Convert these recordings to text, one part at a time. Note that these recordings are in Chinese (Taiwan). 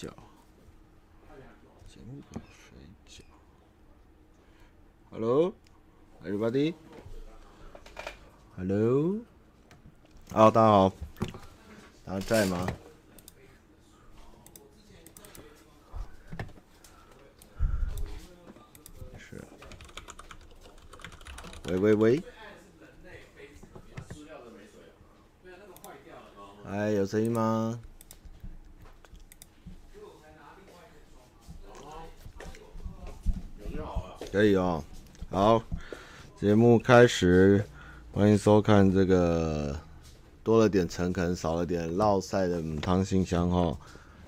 腳，節目水腳。Hello，everybody。Hello，啊，oh, 大家好，大家在嗎？是。喂喂喂、啊哦。哎，有聲音嗎？可以哦，好，節目開始，歡迎收看這個多了點誠懇，少了點落賽的母湯信箱哈、哦。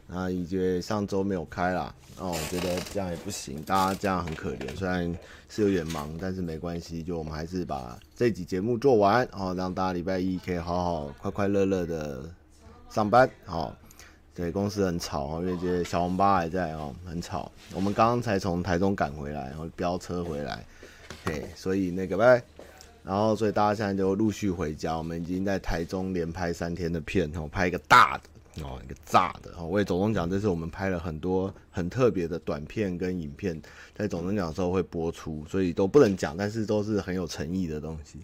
啊，以及上周沒有開啦，哦，我覺得這樣也不行，大家這樣很可憐，雖然是有點忙，但是沒關係，就我們還是把這集節目做完哦，讓大家禮拜一可以好好、快快樂樂的上班好。哦對，公司很吵哦，因為覺得小紅八還在哦，很吵。我們剛剛才從台中趕回來，然後飆車回來，對，所以那個拜，拜，然後所以大家現在就陸續回家。我們已經在台中連拍三天的片，然後拍一個大的哦，一個炸的。然後為走鐘獎，這次我們拍了很多很特別的短片跟影片，在走鐘獎的時候會播出，所以都不能講，但是都是很有誠意的東西。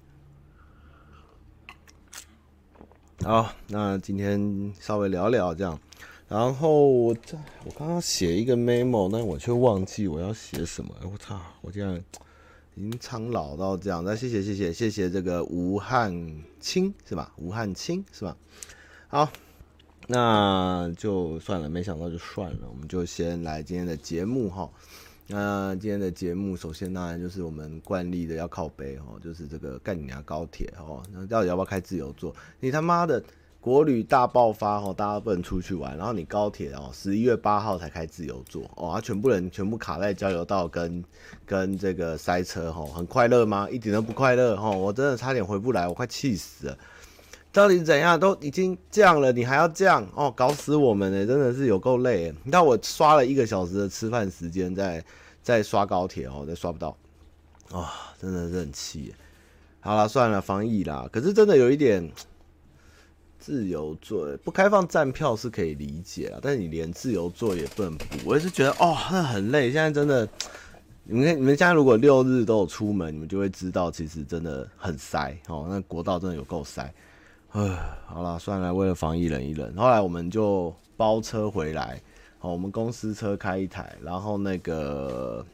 好，那今天稍微聊聊這樣。然後我在我剛剛寫一個 memo，那我卻忘記我要寫什麼。哎、我操！我竟然已經蒼老到這樣。那謝謝謝謝謝謝這個吳漢卿是吧？吳漢卿是吧？好，那就算了，沒想到就算了。我們就先來今天的節目哈、哦。那今天的節目首先當然就是我們慣例的要靠北哈、哦，就是這個幹你娘高鐵哈、哦。那到底要不要開自由座，你他媽的！國旅大爆發吼，大家不能出去玩，然後你高鐵哦、喔，十一月八號才開自由座哦、喔啊，全部人全部卡在交流道跟跟這個塞車吼、喔，很快樂嗎？一點都不快樂哦、喔。我真的差點回不來，我快氣死了，到底怎樣都已經這樣了，你還要這樣哦，搞死我們呢，真的是有夠累。你看我刷了一個小時的吃飯時間，在在刷高鐵哦，再、喔、刷不到，啊、喔，真的是很氣。好了，算了，防疫啦，可是真的有一點。自由座不開放站票是可以理解啊，但是你連自由座也不能補，我也是覺得哦，那很累。現在真的，你們你們家如果六日都有出門，你們就會知道，其實真的很塞哦。那國道真的有夠塞，唉，好了，算了，為了防疫忍一忍。後來我們就包車回來，哦，我們公司車開一台，然後那個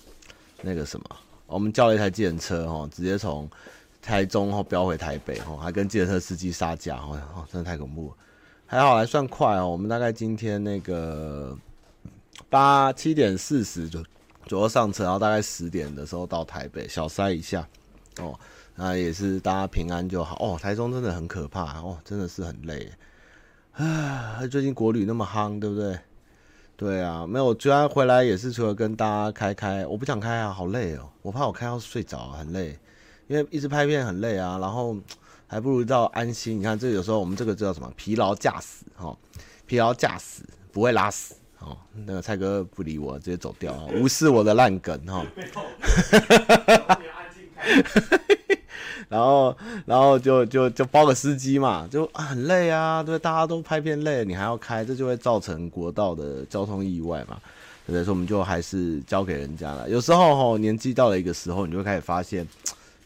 那個什麼，哦，我們叫了一台計程車，哦，直接從。台中吼飆回台北吼，還跟計程車司機殺價哦，真的太恐怖了，還好還算快哦、喔。我們大概今天那個八七點四十就左右上車，然後大概十點的時候到台北，小塞一下哦、喔。那也是大家平安就好哦、喔。台中真的很可怕哦、喔，真的是很累。啊，最近國旅那麼夯，對不對？對啊，沒有，居然回來也是除了跟大家開開，我不想開啊，好累哦、喔，我怕我開要睡着，很累。因為一直拍片很累啊，然後還不如到安心。你看，這有時候我們這個叫什麼疲勞駕駛哈，疲勞駕駛不會拉死哦。那個蔡哥不理我，直接走掉啊，無視我的爛梗哈。 然後，然後就就就包個司機嘛，就很累啊。對，大家都拍片累了，你還要開，這就會造成國道的交通意外嘛。所以說，我們就還是交給人家了。有時候哈，年紀到了一個時候，你就會開始發現。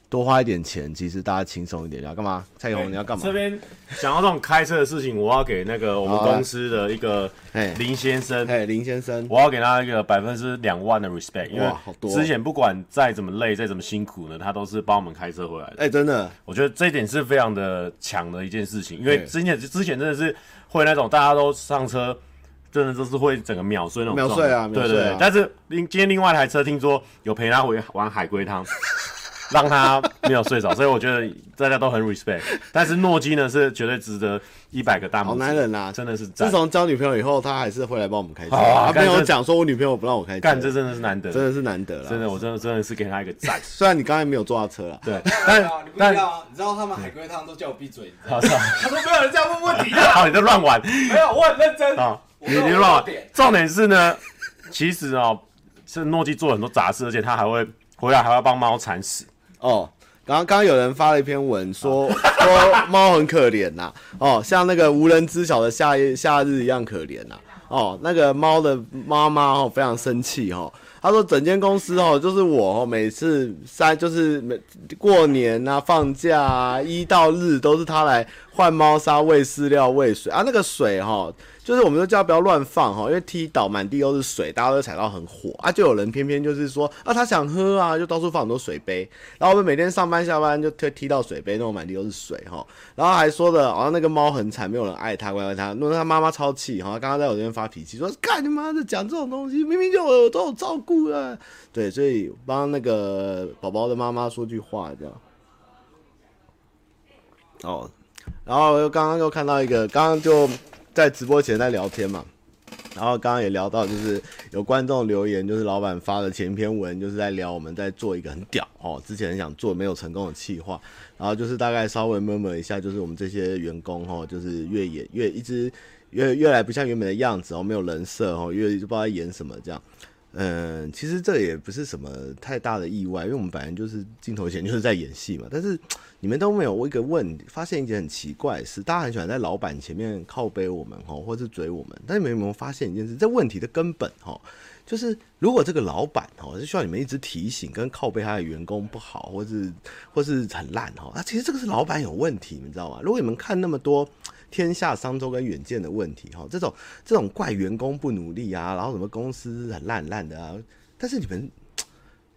多花一點錢，其實大家輕鬆一點，啊，你要幹嘛？蔡勇，hey, 你要幹嘛？這邊講到這種開車的事情，我要給那個我們公司的一個林先生，oh, hey. Hey, 林先生，我要給他一個百分之兩萬的 respect，因為之前不管再怎麼累，再怎麼辛苦呢，他都是幫我們開車回來的。哎、hey,，真的，我覺得這一點是非常的強的一件事情，因為之前之前真的是會那種大家都上車，真的就是會整個秒睡那種。秒睡啊，啊對，對對。但是今天另外一台車，聽說有陪他回玩海龜湯。 讓他沒有睡着，所以我覺得大家都很 respect。但是諾基呢，是絕對值得一百個大拇指。好男人啊，真的是自從交女朋友以後，他還是會來幫我們開車。他跟我講說我女朋友不讓我開車，幹這真的是難得，真的是難得了。真的，我真的真的是給他一個讚。雖然你剛才沒有坐他車了，對，但但，你，不但你知道他們海龜湯都叫我閉嘴，你知道 他說沒有人這樣問問題的。 好，你在亂玩？沒有，我很認真。哦、我我你別亂重點是呢，其實哦，是諾基做了很多雜事，而且他還會回來還會幫貓鏟屎，還要幫貓鏟屎。哦，然後剛剛有人發了一篇文說，說 說貓很可憐吶、啊，哦，像那個無人知曉的夏日夏日一樣可憐吶、啊，哦，那個貓的媽媽哦非常生氣哦，她說整間公司哦就是我哦，每次三就是每過年啊放假啊一到日都是她來換貓砂、餵飼料、餵水啊，那個水哦。就是我們都叫不要亂放哈，因為踢倒滿地都是水，大家都踩到很火啊。就有人偏偏就是說啊，他想喝啊，就到處放很多水杯，然後我們每天上班下班就踢踢到水杯，弄滿地都是水哈。然後還說的，好像那個貓很慘，沒有人愛它，怪怪它，弄得他媽媽超氣哈。剛剛在我這邊發脾氣，說幹你媽的，這講這種東西，明明就有都有照顧了。對，所以幫那個寶寶的媽媽說句話，這樣。哦，然後又剛剛又看到一個，剛剛就。在直播前在聊天嘛，然後剛剛也聊到，就是有觀眾留言，就是老闆發的前篇文，就是在聊我們在做一個很屌哦，之前很想做沒有成功的企劃，然後就是大概稍微摸摸一下，就是我們這些員工哦，就是越演越一直越越來不像原本的樣子哦，沒有人設哦，越就不知道在演什麼這樣。嗯，其實這也不是什麼太大的意外，因為我們本來就是鏡頭前就是在演戲嘛。但是你們都沒有一個問題，發現一件很奇怪的事，大家很喜歡在老板前面靠背我們吼，或是追我們。但你們有沒有發現一件事？這問題的根本吼，就是如果這個老板吼是需要你們一直提醒跟靠背他的員工不好，或是或是很爛吼，那、啊、其實這個是老板有問題，你們知道嗎？如果你們看那麼多。天下商周跟遠見的問題，哈，這種這種怪員工不努力啊，然後什麼公司很爛爛的啊，但是你們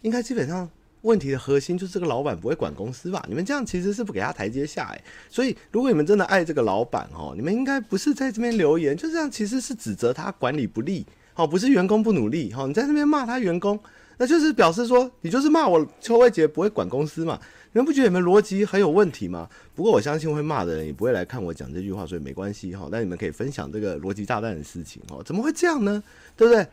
應該基本上問題的核心就是這個老闆不會管公司吧？你們這樣其實是不給他台階下哎、欸，所以如果你們真的愛這個老闆哦，你們應該不是在這邊留言，就這樣其實是指責他管理不力，哦，不是員工不努力，哦，你在這邊罵他員工，那就是表示說你就是罵我邱威杰不會管公司嘛。人不覺得你們邏輯很有問題嗎？不過我相信會罵的人也不會來看我講這句話，所以沒關係哈、哦。但你們可以分享這個邏輯炸彈的事情哈、哦，怎麼會這樣呢？對不對？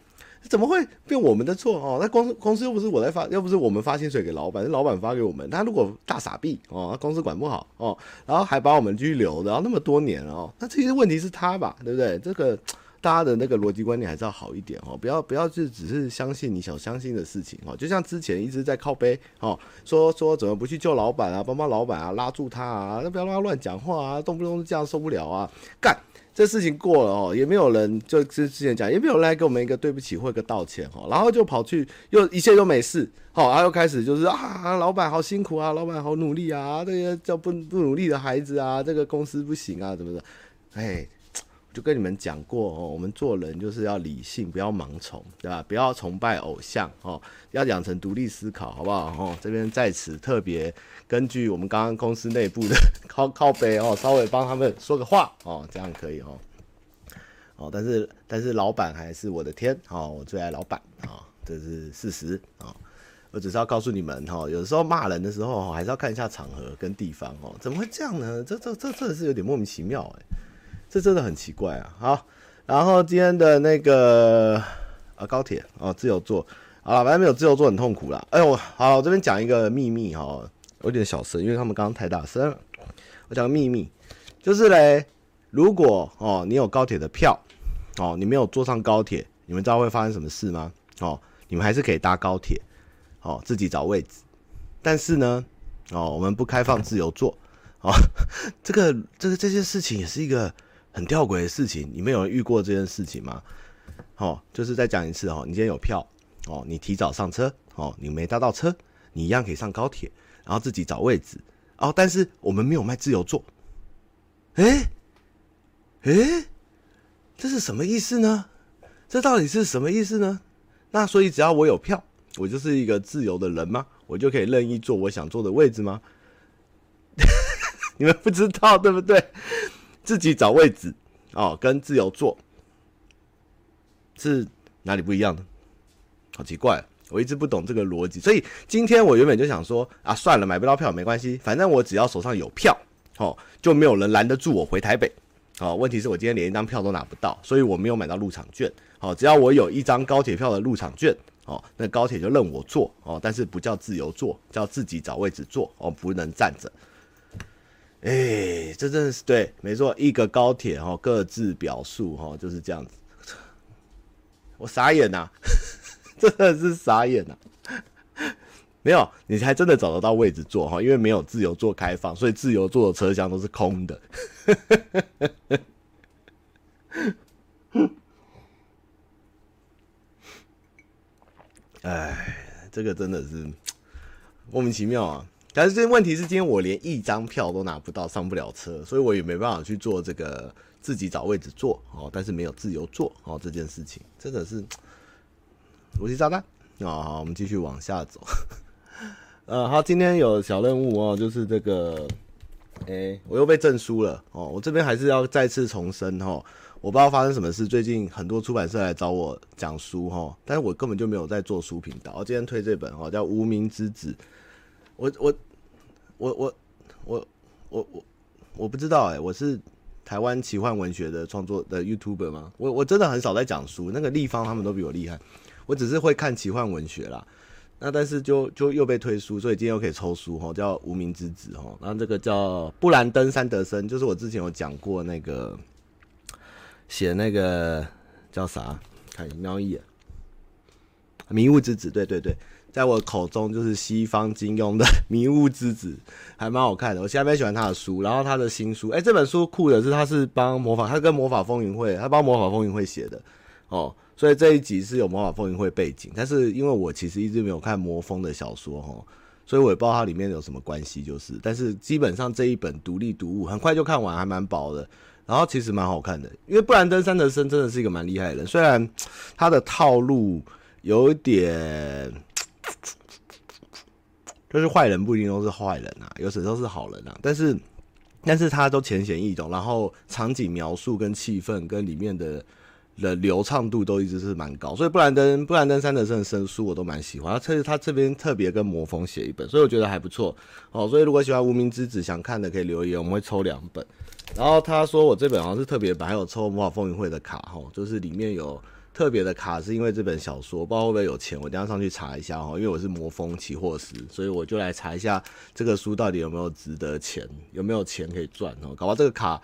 怎麼會變我們的錯哦？那公司公司又不是我在發，又不是我們發薪水給老闆，是老闆發給我們。他如果大傻逼哦，公司管不好哦，然後還把我們拘留，然後那麼多年哦，那這些問題是他吧？對不對？這個。大家的那個邏輯觀念還是要好一點哦，不要不要就只是相信你想相信的事情哦。就像之前一直在靠背哦，說說怎麼不去救老闆啊，幫幫老闆啊，拉住他啊，那不要讓他亂講話啊，動不動就這樣受不了啊。幹這事情過了哦，也沒有人就之之前講，也沒有人來給我們一個對不起或一個道歉哦，然後就跑去又一切又沒事好，然後又開始就是啊，老闆好辛苦啊，老闆好努力啊，這些叫不不努力的孩子啊，這個公司不行啊，怎麼的？哎。就跟你們講過哦，我們做人就是要理性，不要盲從，對吧？不要崇拜偶像哦，要養成獨立思考，好不好？哦，這邊在此特別根據我們剛剛公司內部的靠靠北哦，稍微幫他們說個話哦，這樣可以哦。哦，但是但是老板還是我的天哦，我最愛老板啊，這是事實啊。我只是要告訴你們哈，有時候罵人的時候哈，還是要看一下場合跟地方哦。怎麼會這樣呢？這這這真的是有點莫名其妙哎、欸。這真的很奇怪啊！好，然後今天的那個啊高鐵哦，自由坐，好啊，反正沒有自由坐很痛苦啦。哎呦，好，我這邊講一個秘密哦，有點小聲，因為他們剛剛太大聲了。我講個秘密，就是嘞，如果哦你有高鐵的票哦，你沒有坐上高鐵，你們知道會發生什麼事嗎？哦，你們還是可以搭高鐵哦，自己找位置。但是呢，哦我們不開放自由坐哦，這個這個這些事情也是一個。很吊詭的事情，你們有人遇過這件事情嗎？哦，就是再講一次哦，你今天有票哦，你提早上車哦，你沒搭到車，你一樣可以上高鐵，然後自己找位置哦。但是我們沒有賣自由座，哎、欸、哎、欸，這是什麼意思呢？這到底是什麼意思呢？那所以只要我有票，我就是一個自由的人嗎？我就可以任意坐我想坐的位置嗎？ 你們不知道對不對？自己找位置哦，跟自由座。是哪裡不一樣呢？好奇怪，我一直不懂這個邏輯。所以今天我原本就想說啊，算了，買不到票沒關係，反正我只要手上有票哦，就沒有人攔得住我回台北。哦。問題是我今天連一張票都拿不到，所以我沒有買到入場券。哦。只要我有一張高鐵票的入場券，哦，那高鐵就任我坐哦，但是不叫自由座，叫自己找位置坐哦，不能站着。哎、欸，這真的是對，沒錯，一個高鐵哦，各自表述哦，就是這樣子。我傻眼吶、啊，真的是傻眼吶、啊。沒有，你還真的找得到位置坐哈，因為沒有自由座開放，所以自由座的車廂都是空的。哎， 這個真的是莫名其妙啊。但是這問題是，今天我連一張票都拿不到，上不了車，所以我也沒辦法去做這個自己找位置坐哦。但是沒有自由座哦，這件事情真的、這個、是我去炸彈啊、哦！好，我們繼續往下走。 呃，好，今天有小任務哦，就是這個，哎，我又被證書了哦。我這邊還是要再次重申哦，我不知道發生什麼事。最近很多出版社來找我講書哦，但是我根本就沒有在做書頻道。我、哦、今天推這本哦，叫《無名之子》，我我。我我我我我我不知道哎、欸，我是台灣奇幻文學的創作的 YouTuber 嗎？我我真的很少在講書，那個立方他們都比我厲害，我只是會看奇幻文學啦。那但是就就又被推書，所以今天又可以抽書吼，叫《無名之子》吼，然後這個叫布蘭登·山德森，就是我之前有講過那個寫那個叫啥？看瞄一眼，《迷霧之子》對對對。在我口中就是西方金庸的《迷霧之子》，還蠻好看的。我現在蠻喜歡他的書，然後他的新書，哎、欸，這本書酷的是他是幫魔法，他跟魔法風雲會，他幫魔法風雲會寫的哦。所以這一集是有魔法風雲會背景，但是因為我其實一直沒有看魔風的小說哦，所以我也不知道它裡面有什麼關係。就是，但是基本上這一本獨立讀物很快就看完，還蠻薄的，然後其實蠻好看的。因為布蘭登·山德森真的是一個蠻厲害的人，雖然他的套路有一點。就是壞人不一定都是壞人啊，有時候都是好人啊。但是，但是他都淺顯易懂，然後場景描述跟氣氛跟裡面的的流暢度都一直是蠻高，所以布蘭登布蘭登山德森的書我都蠻喜歡。他特他這邊特別跟魔風寫一本，所以我覺得還不錯哦。所以如果喜歡無名之子想看的可以留言，我們會抽兩本。然後他說我這本好像是特別版，還有抽魔法風雲會的卡哈、哦，就是裡面有。特別的卡是因為這本小說，我不知道會不會有錢，我等一下上去查一下哦。因為我是魔風期貨師，所以我就來查一下這個書到底有沒有值得錢，有沒有錢可以賺哦。搞不好這個卡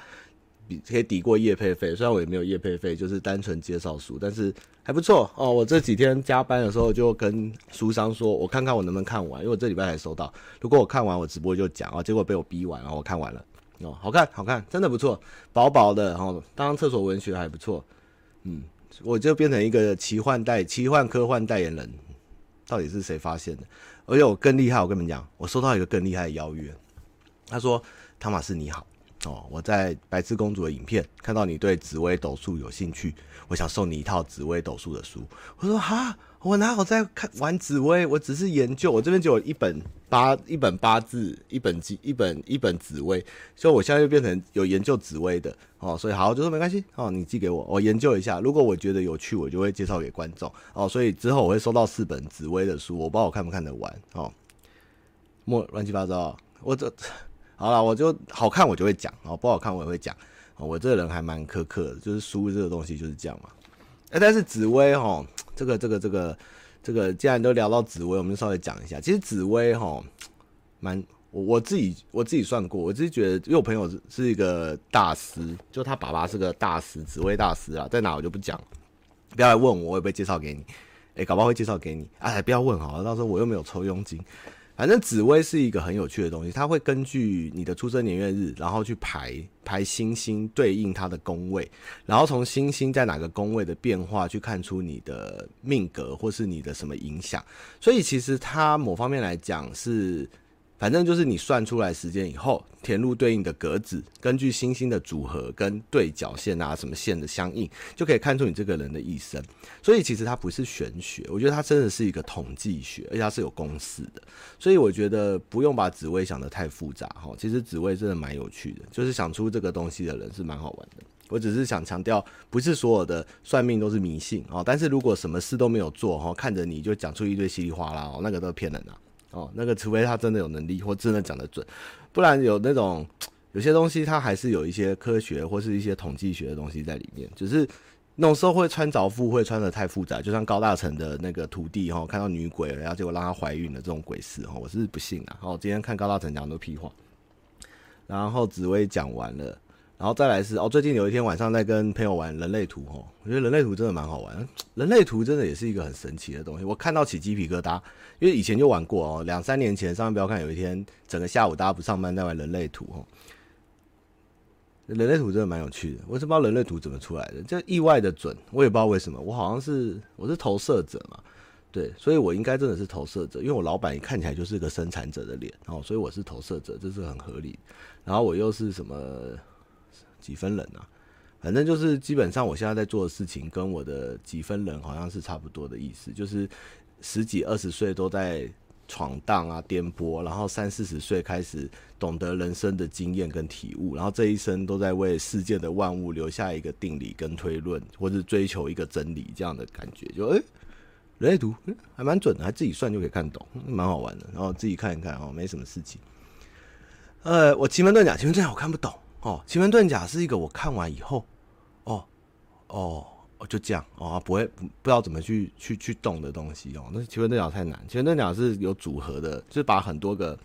可以抵過業配費。雖然我也沒有業配費，就是單純介紹書，但是還不錯哦。我這幾天加班的時候就跟書商說，我看看我能不能看完，因為我這禮拜才收到。如果我看完，我直播就講哦。結果被我逼完，然後我看完了哦，好看，好看，真的不錯，薄薄的，然後當廁所文學還不錯，嗯。我就變成一個奇幻代奇幻科幻代言人，到底是誰發現的？而且我更厲害，我跟你們講，我收到一個更厲害的邀約，他說：“湯馬士，你好。”哦，我在白痴公主的影片看到你對紫微斗數有興趣，我想送你一套紫微斗數的書。我說哈，我哪有在看玩紫微，我只是研究。我這邊就有一本八，一本八字，一本記、一本一本紫微，所以我現在就變成有研究紫微的哦。所以好，就說沒關係哦，你寄給我，我研究一下。如果我覺得有趣，我就會介紹給觀眾哦。所以之後我會收到四本紫微的書，我不知道我看不看得完哦。莫亂七八糟，我這。好了，我就好看我就會講，哦，不好看我也會講，哦，我這個人還蠻苛刻的，就是書這個東西就是這樣嘛。誒、欸，但是紫薇，哦，這個這個這個這個，既然都聊到紫薇，我們就稍微講一下。其實紫薇哦，蠻我我自己我自己算過，我自己覺得，因為我朋友是，是一個大師，就他爸爸是個大師，紫薇大師啊，在哪我就不講，不要來問我，我也不會介紹給你，誒、欸，搞不好會介紹給你，哎、啊、不要問好了，到時候我又沒有抽佣金。反正紫微是一個很有趣的東西，它會根據你的出生年月日，然後去排排星星，對應它的宮位，然後從星星在哪個宮位的變化，去看出你的命格或是你的什麼影響。所以其實它某方面來講是。反正就是你算出來時間以後，填入對應的格子，根據星星的組合跟對角線啊什麼線的相應，就可以看出你這個人的一生。所以其實它不是玄學，我覺得它真的是一個統計學，而且它是有公式的。所以我覺得不用把紫微想得太複雜哈，其實紫微真的蠻有趣的，就是想出這個東西的人是蠻好玩的。我只是想強調，不是所有的算命都是迷信哦，但是如果什麼事都沒有做，看着你就講出一堆稀里嘩啦哦，那個都是騙人的啊。哦，那個除非他真的有能力或真的講得準，不然有那種有些東西他還是有一些科學或是一些統計學的東西在裡面，只、就是那種時候會穿鑿附會穿得太複雜，就像高大成的那個徒弟哈，看到女鬼了，然後結果讓她懷孕的這種鬼事哦，我是不信的、啊。好、哦，今天看高大成講的都屁話，然後紫薇講完了。然後再來是哦，最近有一天晚上在跟朋友玩人類圖哦，我覺得人類圖真的蠻好玩。人類圖真的也是一個很神奇的東西，我看到起雞皮疙瘩，因為以前就玩過哦，兩三年前上面不要看，有一天整個下午大家不上班在玩人類圖哦，人類圖真的蠻有趣的。我也不知道人類圖怎麼出來的，就意外的準，我也不知道為什麼。我好像是我是投射者嘛，對，所以我應該真的是投射者，因為我老板看起來就是一個生產者的臉哦，所以我是投射者，這是很合理。然後我又是什麼？幾分人啊？反正就是基本上，我現在在做的事情跟我的幾分人好像是差不多的意思。就是十幾二十歲都在闖蕩啊、顛簸，然後三四十歲開始懂得人生的經驗跟體悟，然後這一生都在為世界的萬物留下一個定理跟推論，或是追求一個真理這樣的感覺。就哎、欸，人類圖還蠻準的，還自己算就可以看懂，蠻好玩的。然後自己看一看哦，沒什麼事情。呃，我奇門遁甲，奇門遁甲我看不懂。哦，奇門遁甲是一個我看完以後，哦，哦，就這樣啊，哦，不會不知道怎麼去去去動的東西哦。那奇門遁甲太難，奇門遁甲是有組合的，就是把很多個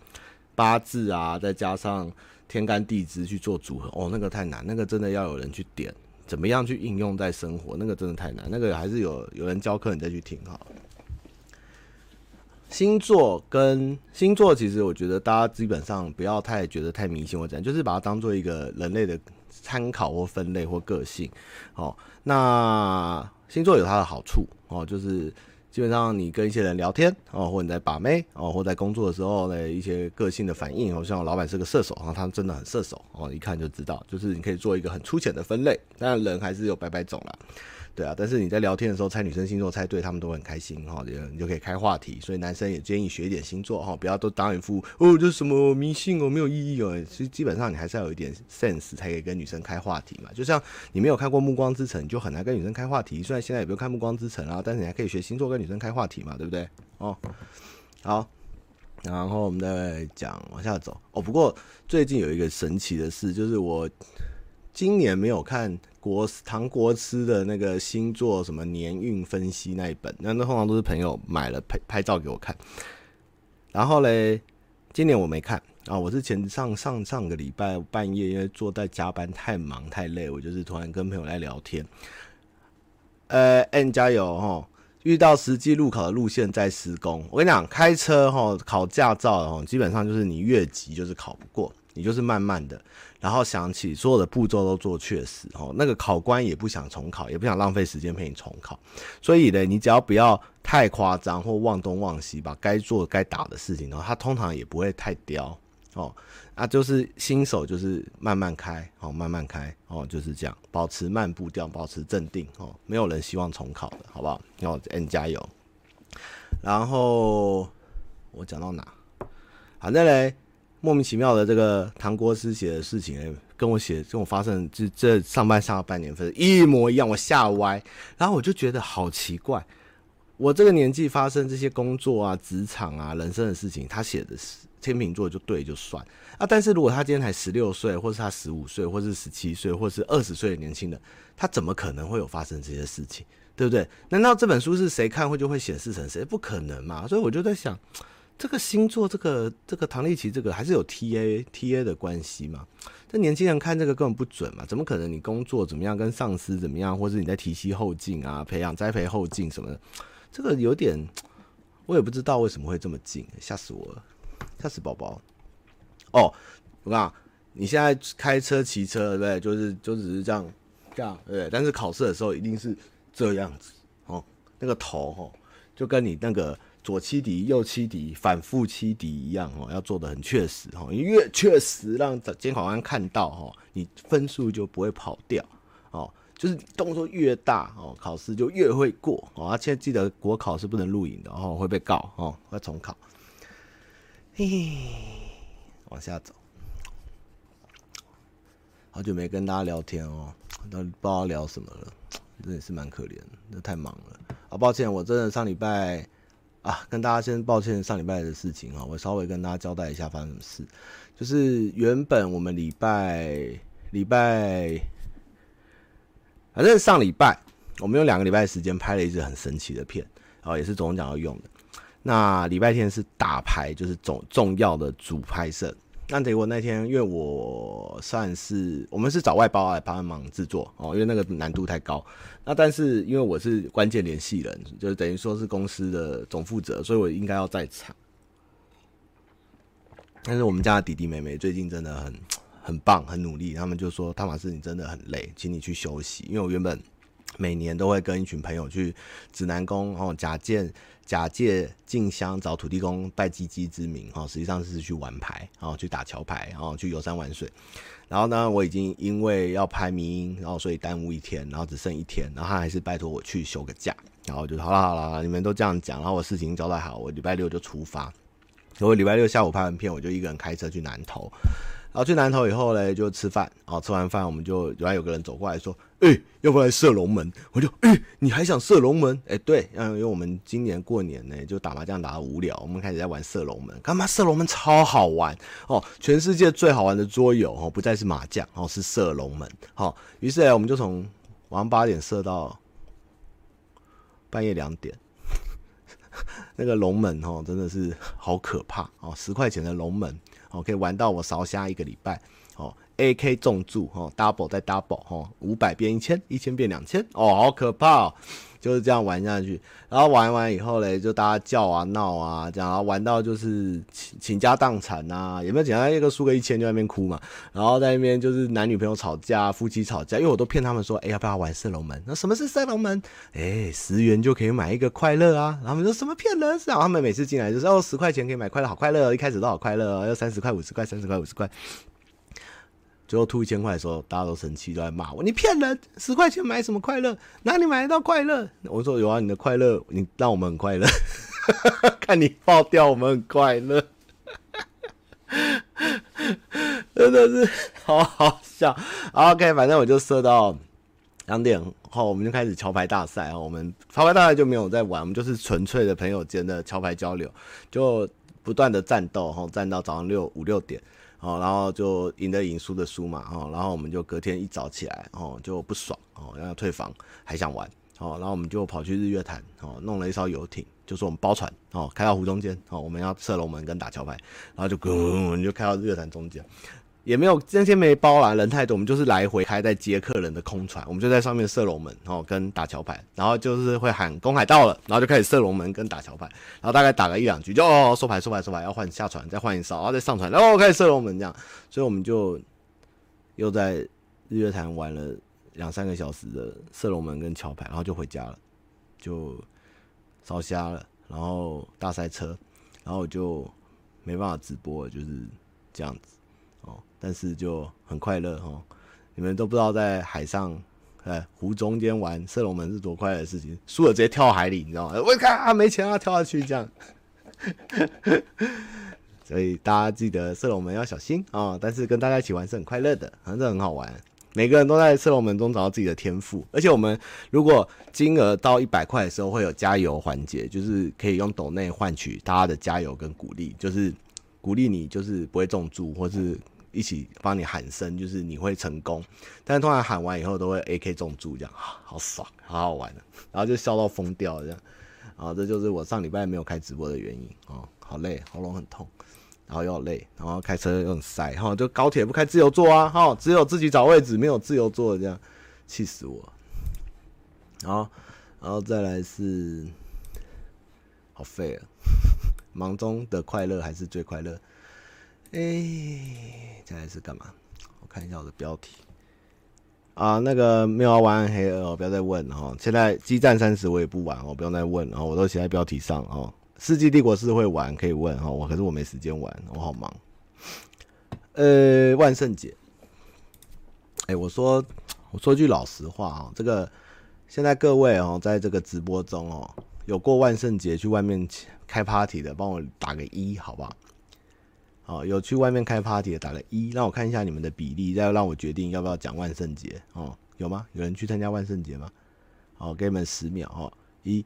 八字啊，再加上天干地支去做組合。哦，那個太難，那個真的要有人去點，怎麼樣去應用在生活，那個真的太難，那個還是有有人教課你再去聽好了。星座跟星座，其實我覺得大家基本上不要太覺得太迷信。我講，就是把它當做一個人類的參考或分類或個性。好，哦，那星座有它的好處哦，就是基本上你跟一些人聊天哦，或者你在把妹哦，或在工作的時候的一些個性的反應。哦，像我老闆是個射手，然後他真的很射手哦，一看就知道，就是你可以做一個很粗淺的分類。但人還是有百百種啦。對啊，但是你在聊天的時候猜女生星座猜對，他們都很開心哈、哦，你就可以開話題，所以男生也建議學一點星座哈、哦，不要都當一副哦，這什麼迷信哦，沒有意義哦。其實基本上你還是要有一點 sense，才可以跟女生開話題嘛。就像你沒有看過《暮光之城》，你就很難跟女生開話題。雖然現在也不用看《暮光之城》啊，但是你還可以學星座跟女生開話題嘛，對不對？哦，好，然後我們再來講往下走哦。不過最近有一個神奇的事，就是我今年沒有看。國唐國師的那個星座，什麼年運分析那一本，那那通常都是朋友買了拍拍照給我看。然後嘞，今年我沒看啊，我是前上上上個禮拜半夜，因為坐在加班太忙太累，我就是突然跟朋友來聊天。呃，嗯、欸、加油哦，遇到實際路考的路線在施工，我跟你講，開車哦，考駕照哦，基本上就是你越急就是考不過。你就是慢慢的，然後想起所有的步驟都做確實哦，那個考官也不想重考，也不想浪費時間陪你重考，所以呢，你只要不要太誇張或忘東忘西吧，把該做該打的事情的，然後他通常也不會太刁哦。啊，就是新手就是慢慢開哦，慢慢開哦，就是這樣，保持慢步調，保持鎮定哦。沒有人希望重考的，好不好？要 n 加油。然後我講到哪？好，再來。莫名其妙的這個唐國師寫的事情，跟我寫跟我發生這這上班上下半年份一模一樣，我嚇歪。然後我就覺得好奇怪，我這個年紀發生這些工作啊、職場啊、人生的事情，他寫的是天秤座就對就算啊。但是如果他今天才十六歲，或是他十五歲，或是十七歲，或是二十歲的年輕人，他怎麼可能會有發生這些事情？對不對？難道這本書是誰看會就會顯示成誰？不可能嘛。所以我就在想。這個星座，這個這個唐立淇，這個還是有 T A T A 的關係嘛？這年輕人看這個根本不準嘛？怎麼可能？你工作怎麼樣，跟上司怎麼樣，或是你在提攜後進啊，培養栽培後進什麼的，這個有點，我也不知道為什麼會這麼近，嚇死我了，嚇死寶寶！哦，我告訴你，你現在開車騎車對不對？就是就只是這樣這樣對，對，但是考試的時候一定是這樣子哦，那個頭哦，就跟你那個。左七敵，右七敵，反覆七敵一樣哦，要做得很確實哦，越確實讓監考官看到哦，你分數就不會跑掉哦。就是動作越大哦，考試就越會過哦。而且記得國考是不能錄影的哦，會被告哦，要重考。嘿，嘿，往下走。好久沒跟大家聊天哦，那不知道聊什麼了，真的是蠻可憐的，那太忙了。啊，抱歉，我真的上禮拜。啊，跟大家先抱歉，上禮拜的事情啊，我稍微跟大家交代一下發生什麼事。就是原本我們禮拜禮拜，反正上禮拜我們用兩個禮拜的時間拍了一支很神奇的片啊，也是走鐘獎要用的。那禮拜天是打牌，就是重重要的主拍攝。那結果那天，因為我算是我們是找外包來幫忙制作哦，因為那個難度太高。那但是因為我是關鍵聯繫人，就等於說是公司的總負責，所以我應該要在場。但是我們家的弟弟妹妹最近真的很很棒，很努力。他們就說：“湯馬斯，你真的很累，請你去休息。”因為我原本每年都會跟一群朋友去指南宮，然後加建。假借進香找土地公拜雞雞之名，哦，實際上是去玩牌，哦，去打橋牌，哦，去遊山玩水。然後呢，我已經因為要拍迷因，然後所以耽誤一天，然後只剩一天，然後他還是拜托我去休個假，然後我就好啦好啦，好啦，你們都這樣講，然後我事情交代好，我禮拜六就出發。所以我禮拜六下午拍完片，我就一個人開車去南投。然、啊、後去南投以後呢，就吃飯。然、啊、吃完飯，我們就原來有個人走過來說：“哎、欸，要不然來射龍門？”我就：“哎、欸，你還想射龍門？”哎、欸，對、啊，因為我們今年過年呢，就打麻將打得無聊，我們開始在玩射龍門。幹嘛？射龍門超好玩哦！全世界最好玩的桌遊哦，不再是麻將哦，是射龍門。好、哦，於是呢，我們就從晚上八點射到半夜兩點。 那個龍門哦，真的是好可怕哦！十塊錢的龍門。哦，可以玩到我燒下一個禮拜。哦，A K 重注，哦，double 再 double，哦，五百變一千，一千變兩千，哦，好可怕哦。就是這樣玩下去，然後玩完以後嘞，就大家叫啊鬧啊，這樣，然後玩到就是傾家蕩產吶、啊，有沒有？簡單一個輸個一千就在那邊哭嘛，然後在那邊就是男女朋友吵架、夫妻吵架，因為我都騙他們說，哎、欸，要不要玩射龍門？那什麼是射龍門？哎、欸，十元就可以買一個快樂啊！然後他們說什麼騙人？然後、啊、他們每次進來就是哦，十塊錢可以買快樂，好快樂！一開始都好快樂，要三十塊、五十塊，三十塊、五十塊。最後吐一千塊的時候，大家都生氣，都在罵我。你騙人，十塊錢買什麼快樂？哪裡買得到快樂？我說有啊，你的快樂，你讓我們很快樂。 看你爆掉，我們很快樂， 真的是好好笑。OK，反正我就設到兩點後，我們就開始橋牌大賽哦，我們橋牌大賽就沒有在玩，我們就是純粹的朋友間的橋牌交流，就不斷的戰鬥哈，戰到早上六五六點。哦，然後就贏的贏輸的輸嘛，哦，然後我們就隔天一早起來，哦，就不爽，哦，然後退房，還想玩，哦，然後我們就跑去日月潭，哦，弄了一艘遊艇，就是我們包船，哦，開到湖中間，哦，我們要射龍門跟打橋牌，然後就滾，我們就開到日月潭中間。也沒有那些沒包啦，人太多，我們就是來回開在接客人的空船，我們就在上面射龍門，然後跟打橋牌，然後就是會喊公海到了，然後就開始射龍門跟打橋牌，然後大概打個一兩局就、哦、收牌收牌收牌，要換下船再換一艘，然後再上船，然後、哦、開始射龍門這樣，所以我們就又在日月潭玩了兩三個小時的射龍門跟橋牌，然後就回家了，就燒瞎了，然後大塞車，然後我就沒辦法直播了，就是這樣子。哦、但是就很快樂哈、哦，你們都不知道在海上，呃湖中間玩射龍門是多快樂的事情。輸了直接跳海裡，你知道嗎？我、欸、啊，沒錢啊，跳下去這樣。 所以大家記得射龍門要小心啊、哦！但是跟大家一起玩是很快樂的，真、啊、的很好玩。每個人都在射龍門中找到自己的天賦，而且我們如果金額到一百塊的時候，會有加油環節，就是可以用斗內換取大家的加油跟鼓勵，就是鼓勵你就是不會中柱，或是、嗯。一起幫你喊聲，就是你會成功。但是通常喊完以後都會 AK 中注這樣，好爽，好好玩，啊，然後就笑到瘋掉這樣。啊，這就是我上禮拜沒有開直播的原因哦，好累，喉嚨很痛，然後又好累，然後開車又很塞哈，哦，就高鐵不開自由座啊哈，哦，只有自己找位置，沒有自由座這樣，氣死我。好，然後再來是好廢了，忙中的快樂還是最快樂，哎，欸。現在是幹嘛？我看一下我的標題啊，那個沒有玩《黑二》，哦，不要再問了哈。現在《激戰三十》我也不玩，哦，不用再問了，我都寫在標題上哦。《世紀帝國》是會玩，可以問哈。我可是我沒時間玩，我好忙。呃，萬聖節，哎、欸，我說，我說句老實話啊，這個現在各位哦，在這個直播中哦，有過萬聖節去外面開 party 的，幫我打個一，好吧？哦，有去外面開 party 的打個一，讓我看一下你們的比例，再讓我決定要不要講萬聖節哦。有嗎？有人去參加萬聖節嗎？好、哦，給你們十秒、哦、一、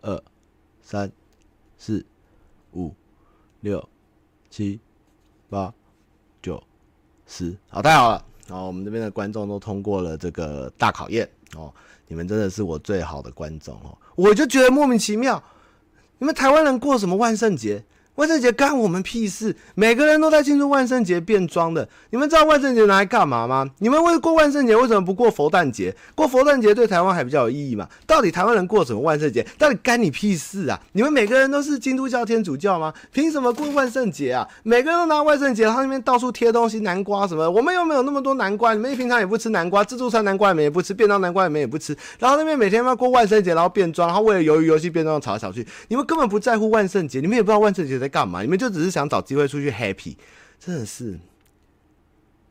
二、三、四、五、六、七、八、九、十。好，太好了，好、哦，我們這邊的觀眾都通過了這個大考驗哦。你們真的是我最好的觀眾哦。我就覺得莫名其妙，你們台灣人過什麼萬聖節？萬聖節干我們屁事！每個人都在慶祝萬聖節變裝的。你們知道萬聖節拿來幹嘛嗎？你們為過萬聖節，為什麼不過佛誕節？過佛誕節對台灣還比較有意義嘛？到底台灣人過什麼萬聖節？到底干你屁事啊！你們每個人都是基督教、天主教嗎？憑什麼過萬聖節啊？每個人都拿萬聖節，他那邊到處貼東西、南瓜什麼。我們又沒有那麼多南瓜，你們平常也不吃南瓜，自助餐南瓜裡面也不吃，便當南瓜裡面也不吃。然後那邊每天要過萬聖節，然後變裝，然後為了魷魚遊戲變裝吵來吵,吵去。你們根本不在乎萬聖節，你們也不知道萬聖節。在幹嘛？你們就只是想找機會出去 happy，真的是。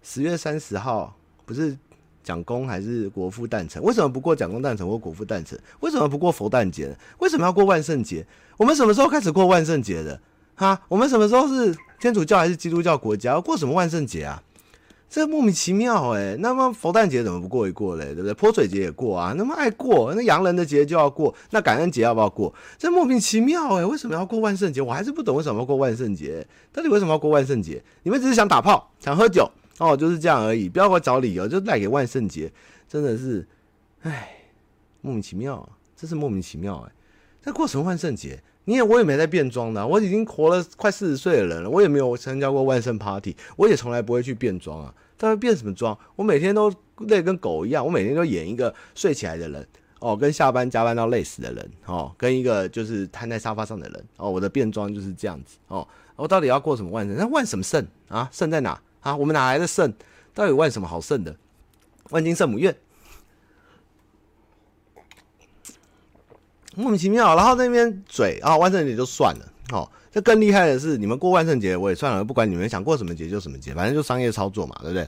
十月三十號不是蔣公還是國父誕辰？為什麼不過蔣公誕辰或國父誕辰？為什麼不過佛誕節？為什麼要過萬聖節？我們什麼時候開始過萬聖節的？哈，我們什麼時候是天主教還是基督教國家？要過什麼萬聖節啊？這莫名其妙誒、欸，那麼佛誕節怎麼不過一過嘞？對不對？潑水節也過啊，那麼愛過那洋人的節就要過，那感恩節要不要過？這莫名其妙誒、欸，為什麼要過萬聖節？我還是不懂為什麼要過萬聖節。到底為什麼要過萬聖節？你們只是想打炮、想喝酒哦，就是這樣而已。不要給我找理由，就賴給萬聖節，真的是，哎，莫名其妙，真是莫名其妙誒、欸。這過什麼萬聖節？你也，我也沒在變裝的、啊，我已經活了快四十歲的人了，我也沒有參加過萬聖 party，我也從來不會去變裝啊。到底變什麼裝？我每天都累跟狗一樣，我每天都演一個睡起來的人哦，跟下班加班到累死的人哦，跟一個就是癱在沙發上的人哦。我的變裝就是這樣子哦。我到底要過什麼萬聖？那萬什麼聖啊？聖在哪啊？我們哪來的聖？到底萬什麼好聖的？萬金聖母院。莫名其妙，然後那邊嘴啊，萬聖節就算了，哦，這更厲害的是，你們過萬聖節我也算了，不管你們想過什麼節就什麼節，反正就商業操作嘛，對不對？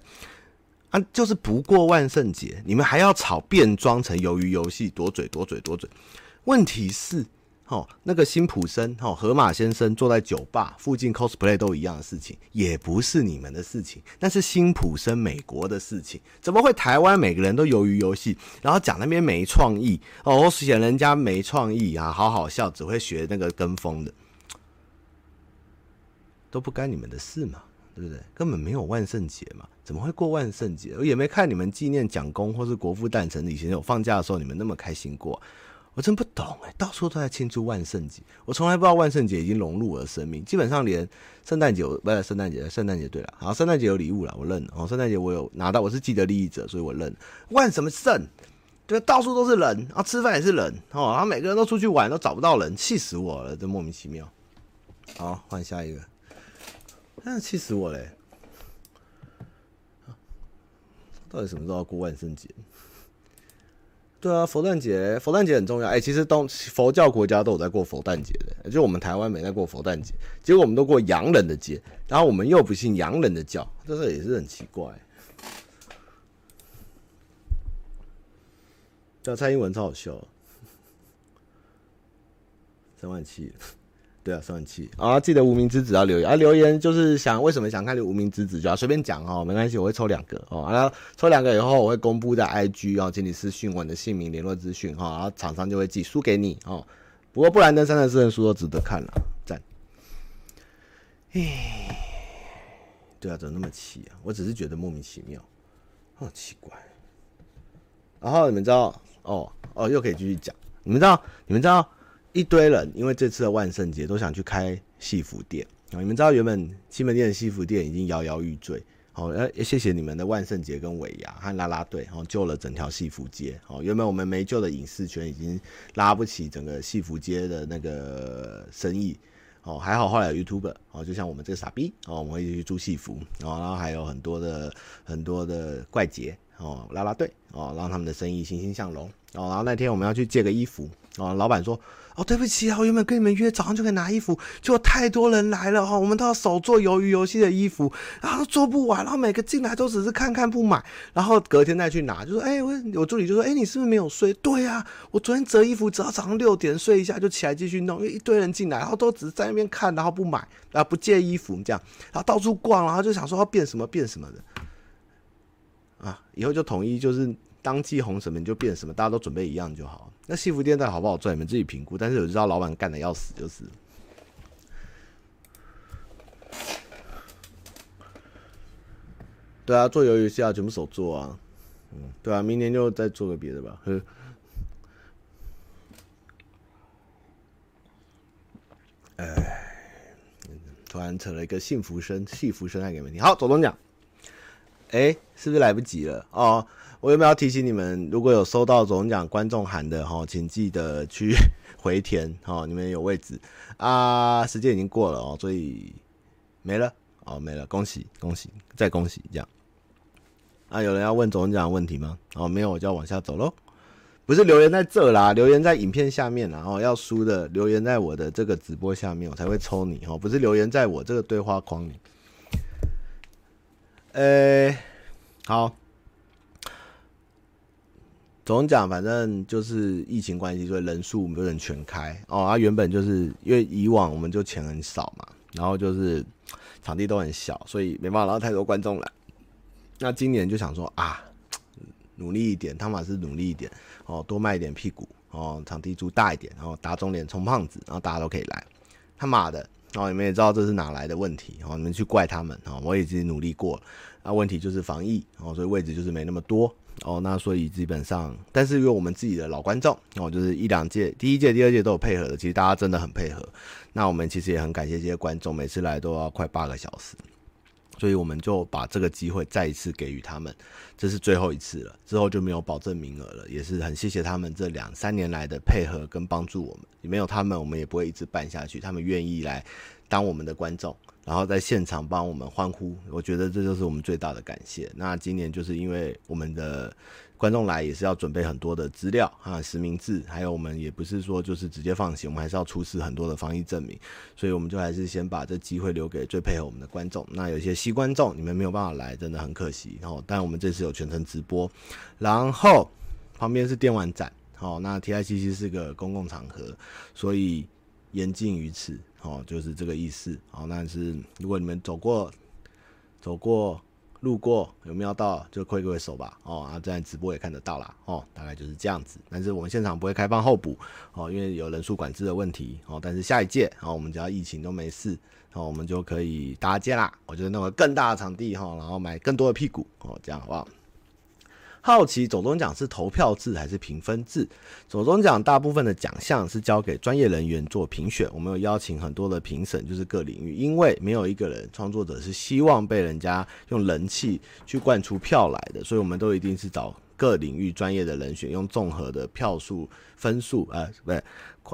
啊，就是不過萬聖節，你們還要炒變裝成魷魚遊戲，奪嘴奪嘴奪嘴，問題是。哦，那個辛普森哦，河馬先生坐在酒吧附近 cosplay 都一樣的事情，也不是你們的事情，那是辛普森美國的事情，怎麼會台灣每個人都魷魚遊戲，然後講那邊沒創意哦，嫌人家沒創意啊，好好笑，只會學那個跟風的，都不干你們的事嘛，對不對？根本沒有萬聖節嘛，怎麼會過萬聖節？我也沒看你們紀念蔣公或是國父誕辰，以前有放假的時候，你們那麼開心過。我真不懂哎、欸，到處都在慶祝萬聖節，我從來不知道萬聖節已經融入我的生命。基本上連聖誕節，不，聖誕節，聖誕節對了，好，聖誕節有禮物了，我認。哦，聖誕節我有拿到，我是既得利益者，所以我認。萬什麼聖？對，到處都是人，然、啊、後吃飯也是人，哦，然後每個人都出去玩，都找不到人，氣死我了，真莫名其妙。好，換下一個，的、啊、氣死我嘞、欸！到底什麼時候要過萬聖節？對啊，佛誕節，佛誕節很重要。哎、欸，其實東佛教國家都有在過佛誕節的，就我們台灣沒在過佛誕節，結果我們都過洋人的節，然後我們又不信洋人的教，這個也是很奇怪欸。叫、啊、蔡英文超好笑，三萬七。對啊，生氣啊！記得無名之子要留言啊，留言就是想為什麼想看無名之子，就要隨便講哦，沒關係，我會抽兩個哦。然、啊、後、啊、抽兩個以後，我會公布在 IG 哦、啊，請你私訊我的姓名聯絡資訊哈。然後廠商就會寄書給你哦、啊。不過布蘭登三三四人書都值得看了，讚。唉、欸，對啊，怎麼那麼氣啊？我只是覺得莫名其妙，好、哦、奇怪。然後你們知道哦哦，又可以繼續講，你們知道，你們知道。一堆人，因為這次的萬聖節都想去開戲服店、哦、你們知道原本西門町的戲服店已經搖搖欲墜，哦，要謝謝你們的萬聖節跟尾牙和拉拉隊，然、哦、後救了整條戲服街哦。原本我們沒救的影視圈已經拉不起整個戲服街的那個生意哦，還好後來有 YouTuber 哦，就像我們這個傻逼哦，我們一起去租戲服哦，然後還有很多的很多的怪傑哦，拉拉隊哦，讓他們的生意欣欣向榮哦。然後那天我們要去借個衣服哦，老板說。哦，對不起啊，我原本跟你們約早上就可以拿衣服，結果太多人來了哈，我們都要手做魷魚遊戲的衣服，然後都做不完，然後每個進來都只是看看不買，然後隔天再去拿，就說，哎、欸，我我助理就說，哎、欸，你是不是沒有睡？對呀、啊，我昨天折衣服折到早上六點，睡一下就起來繼續弄，因為一堆人進來，然後都只是在那邊看，然後不買，然、啊、後不借衣服這樣，然後到處逛，然後就想說要變什麼變什麼的，啊，以後就統一就是。當季紅什麼你就變什麼，大家都準備一樣就好。那西服店在好不好做，你們自己評估。但是我知道老闆幹的要死，就是。對啊，做魷魚絲要全部手做啊。對啊，明年就再做個別的吧。呵。哎，突然扯了一個幸福生，幸福生帶給你們聽。好，走鐘獎，哎、欸，是不是來不及了？哦。我有沒有要提醒你們？如果有收到走鐘獎觀眾函的哈，請記得去回填哈。你們有位置啊？時間已經過了哦，所以沒了哦，沒了。恭喜恭喜，再恭喜這樣。啊，有人要問走鐘獎的問題嗎？哦，沒有，我就要往下走嘍。不是留言在這啦，留言在影片下面啦，然後要輸的留言在我的這個直播下面，我才會抽你哦。不是留言在我這個對話框裡。誒，好。總講，反正就是疫情關係，所以人數不能全開哦。啊，原本就是因為以往我們就錢很少嘛，然後就是場地都很小，所以沒辦法拉太多觀眾來。那今年就想說啊，努力一點，湯馬是努力一點哦，多賣一點屁股哦，場地租大一點，然後打腫臉充胖子，然後大家都可以來。他媽的，哦，你們也知道這是哪來的問題，哦，你們去怪他們哦，我已經努力過了。那、啊、問題就是防疫哦，所以位置就是沒那麼多。哦，那所以基本上，但是因為我們自己的老觀眾，哦，就是一兩屆，第一屆、第二屆都有配合的，其實大家真的很配合。那我們其實也很感謝這些觀眾，每次來都要快八個小時，所以我們就把這個機會再一次給予他們，這是最後一次了，之後就沒有保證名額了，也是很謝謝他們這兩三年來的配合跟幫助我們，也沒有他們，我們也不會一直辦下去，他們願意來當我們的觀眾，然後在現場幫我們歡呼，我覺得這就是我們最大的感謝。那今年就是因為我們的觀眾來也是要準備很多的資料啊，實名制，還有我們也不是說就是直接放行，我們還是要出示很多的防疫證明，所以我們就還是先把這機會留給最配合我們的觀眾。那有些新觀眾你們沒有辦法來，真的很可惜。哦，然後，但我們這次有全程直播，然後旁邊是電玩展，好，哦，那 TICC 是個公共場合，所以。言盡於此，哦，就是這個意思，哦，那是如果你們走過、走過、路過，有瞄到就揮揮手吧，哦，然後、啊、這樣直播也看得到啦，哦，大概就是這樣子，但是我們現場不會開放候補，哦，因為有人數管制的問題，哦，但是下一屆，哦，我們只要疫情都沒事，哦，我們就可以搭建啦，我覺得弄個更大的場地，哈、哦，然後買更多的屁股，哦，這樣好不好？好奇走鐘獎是投票制還是評分制？走鐘獎大部分的獎項是交給專業人員做評選，我們有邀請很多的評審，就是各領域，因為沒有一個人創作者是希望被人家用人氣去灌出票來的，所以我們都一定是找各領域專業的人選，用綜合的票數分數啊，不、呃、對，誒、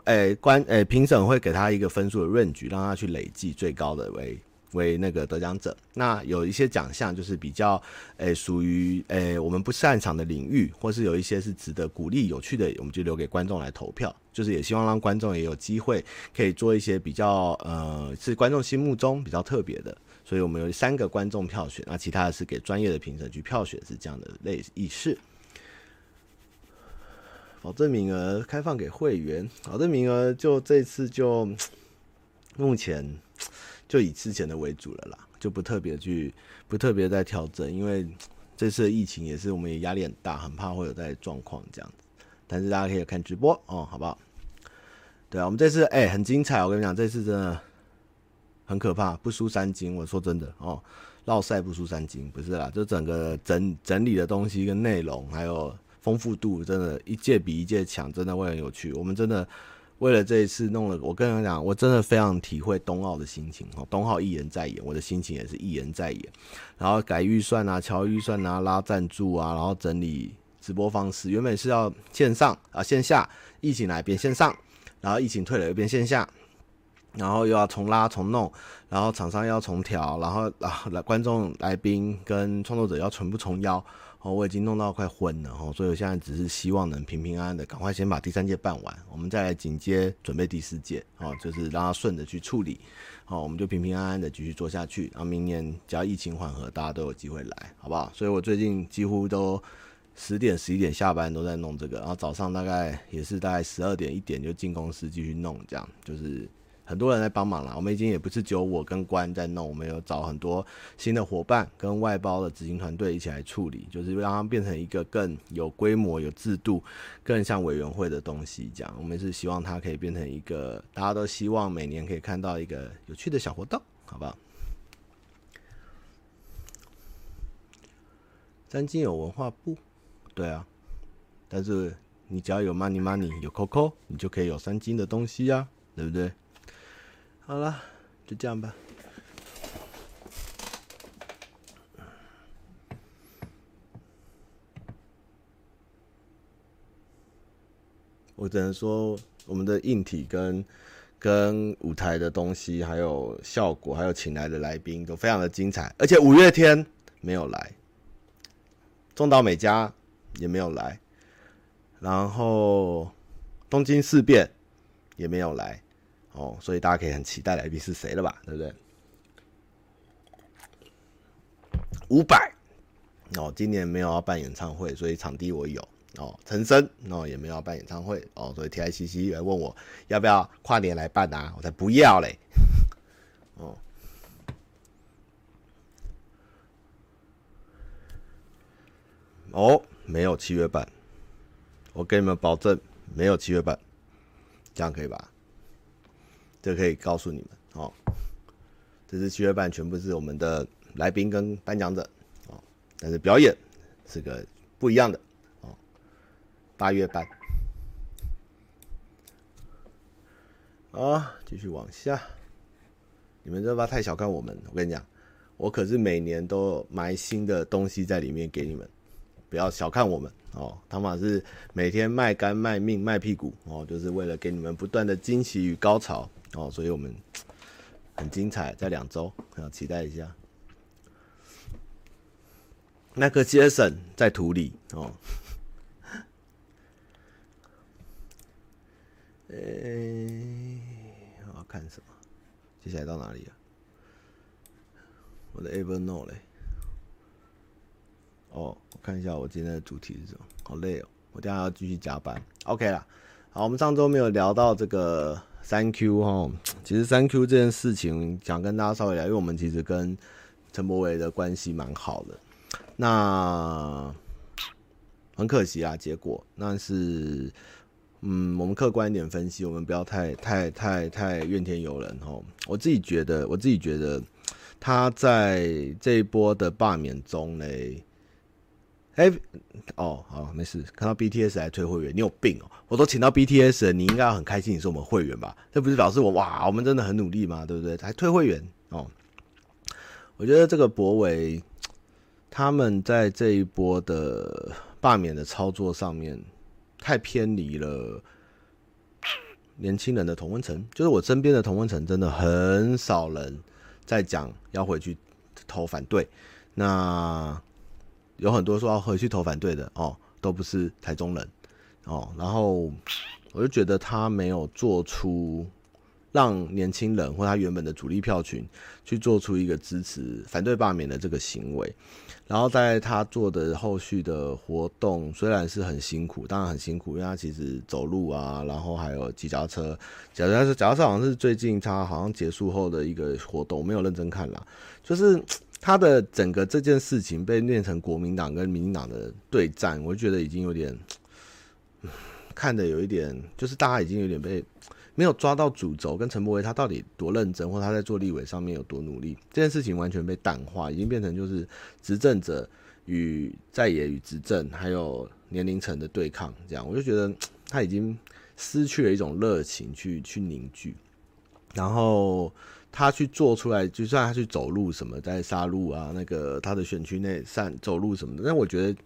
呃，關誒、評、呃、審會給他一個分數的 range，讓他去累計最高的位。為那個得獎者，那有一些獎項就是比較，誒、欸，屬於、欸、我們不擅長的領域，或是有一些是值得鼓勵、有趣的，我們就留給觀眾來投票。就是也希望讓觀眾也有機會可以做一些比較，呃，是觀眾心目中比較特別的。所以我們有三個觀眾票選，那其他的是給專業的評審去票選，是這樣的類意式。保證名額開放給會員，保證名額就這次就目前。就以之前的為主了啦，就不特別去，不特別再調整，因為這次的疫情也是，我們也壓力很大，很怕會有在狀況這樣子。但是大家可以看直播哦，好不好？對啊，我們這次誒、欸、很精彩，我跟你講，這次真的很可怕，不輸三金。我說真的哦，烙賽不輸三金，不是啦，就整個整整理的東西跟內容還有豐富度，真的，一屆比一屆強，真的會很有趣。我們真的。為了這一次弄了，我跟你講，我真的非常體會東奧的心情哦。東奧一延再延，我的心情也是一延再延。然後改預算啊，敲預算啊，拉贊助啊，然後整理直播方式。原本是要線上啊，線下，疫情來變線上，然後疫情退了又變線下，然後又要重拉重弄，然後廠商要重調，然後然來、啊、觀眾來賓跟創作者要全部重邀。哦，我已經弄到快昏了，吼、哦，所以我現在只是希望能平平安安的，趕快先把第三屆辦完，我們再來緊接準備第四屆，哦，就是讓它順着去處理，哦，我們就平平安安的繼續做下去，然後明年只要疫情緩和，大家都有機會來，好不好？所以我最近幾乎都十點、十一點下班都在弄這個，然後早上大概也是大概十二點、一點就進公司繼續弄，這樣就是。很多人在幫忙啦。我們已經也不是只有我跟關在弄，我們有找很多新的夥伴跟外包的執行團隊一起來處理，就是讓它變成一個更有規模、有制度、更像委員會的東西。這樣，我們是希望它可以變成一個大家都希望每年可以看到一個有趣的小活動，好不好？三金有文化部，對啊，但是你只要有 money money 有扣扣，你就可以有三金的東西呀啊，對不對？好了，就這樣吧。我只能說，我們的硬體跟跟舞台的東西，還有效果，還有請來的來賓都非常的精彩。而且五月天沒有來，中島美嘉也沒有來，然後東京事變也沒有來。哦，所以大家可以很期待來賓是誰了吧？對不對？五百哦，今年沒有要辦演唱會，所以場地我有哦。陳昇哦，也沒有要辦演唱會哦，所以 TICC 來問我要不要跨年來辦啊？我才不要嘞！哦，哦，沒有七月半，我給你們保證沒有七月半，這樣可以吧？這可以告訴你們，哦，這是七月半，全部是我們的來賓跟頒獎者，哦，但是表演是個不一樣的，哦，八月半，啊、哦，繼續往下，你們這把太小看我們，我跟你講，我可是每年都埋新的東西在裡面給你們，不要小看我們，哦，湯馬是每天賣肝賣命賣屁股，哦，就是為了給你們不斷的驚喜與高潮。哦，所以我們很精彩，在兩周，很好期待一下。那個 Jason 在土裡哦，哎、 欸，我要看什麼？接下來到哪裡啊？我的 Evernote 嘞？哦，我看一下我今天的主題是什麼？好累哦，我等下要繼續加班。OK 啦，好，我們上周沒有聊到這個。三 Q 吼，其實三 Q 這件事情，想跟大家稍微聊，因為我們其實跟陳柏惟的關係蠻好的。那很可惜啊，結果但是，嗯，我們客觀一點分析，我們不要太太太太怨天尤人哦，我自己覺得，我自己覺得他在這一波的罷免中呢。哎、欸，哦、好，哦，沒事。看到 BTS 來退會員，你有病哦！我都請到 BTS 了，你應該要很開心，你是我們會員吧？這不是表示我哇，我們真的很努力嘛，對不對？還退會員哦！我覺得這個柏惟他們在這一波的罷免的操作上面太偏離了年輕人的同溫層，就是我身邊的同溫層，真的很少人在講要回去投反對。那。有很多說要回去投反對的哦，都不是台中人哦。然後我就覺得他沒有做出讓年輕人或他原本的主力票群去做出一個支持反對罷免的這個行為。然後在他做的後續的活動，雖然是很辛苦，當然很辛苦，因為他其實走路啊，然後還有騎腳車。假如他說，假如他好像是最近他好像結束後的一個活動，沒有認真看啦，就是。他的整個這件事情被念成國民黨跟民進黨的對戰，我就覺得已經有點、嗯，看得有一點，就是大家已經有點被沒有抓到主軸，跟陳柏惟他到底多認真，或他在做立委上面有多努力，這件事情完全被淡化，已經變成就是執政者與在野與執政還有年齡層的對抗這樣，我就覺得他已經失去了一種熱情去去凝聚，然後。他去做出來，就算他去走路什麼，在殺戮啊，那個他的選區內散走路什麼的，但我覺得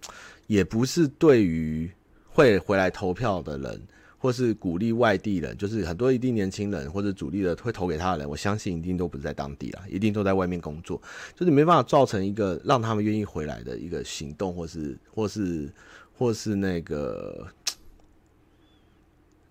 也不是對於會回來投票的人，或是鼓勵外地人，就是很多一定年輕人或者主力的會投給他的人，我相信一定都不是在當地啦，一定都在外面工作，就是沒辦法造成一個讓他們願意回來的一個行動，或是或是或是那個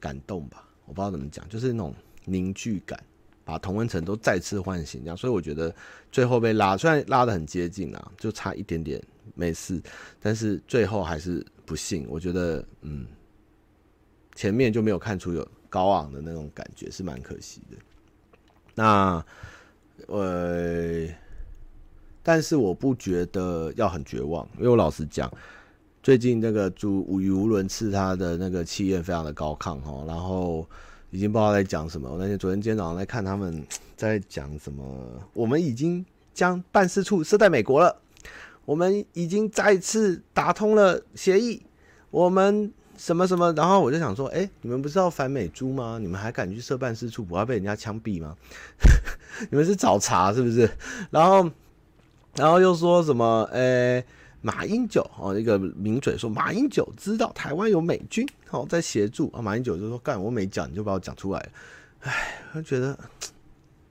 感動吧，我不知道怎麼講，就是那種凝聚感。把同溫層都再次喚醒，這樣，所以我覺得最後被拉，雖然拉得很接近啊，就差一點點，沒事，但是最後還是不幸。我覺得，嗯，前面就沒有看出有高昂的那種感覺，是蠻可惜的。那，呃，但是我不覺得要很絕望，因為我老實講，最近那個豬語無倫次，他的那個氣焰非常的高亢哦，然後。已經不知道在講什麼。我那天昨天、今天早上在看他們在講什麼。我們已經將辦事處設在美國了。我們已經再次打通了協議。我們什麼什麼。然後我就想說，哎、欸，你們不是要反美豬嗎？你們還敢去設辦事處，不怕被人家槍斃嗎？ 你們是找茬是不是？然後，然後又說什麼？哎、欸。馬英九哦，一個名嘴說馬英九知道台灣有美軍哦，在協助啊，馬英九就說，幹，我沒講，你就把我講出來。哎，我覺得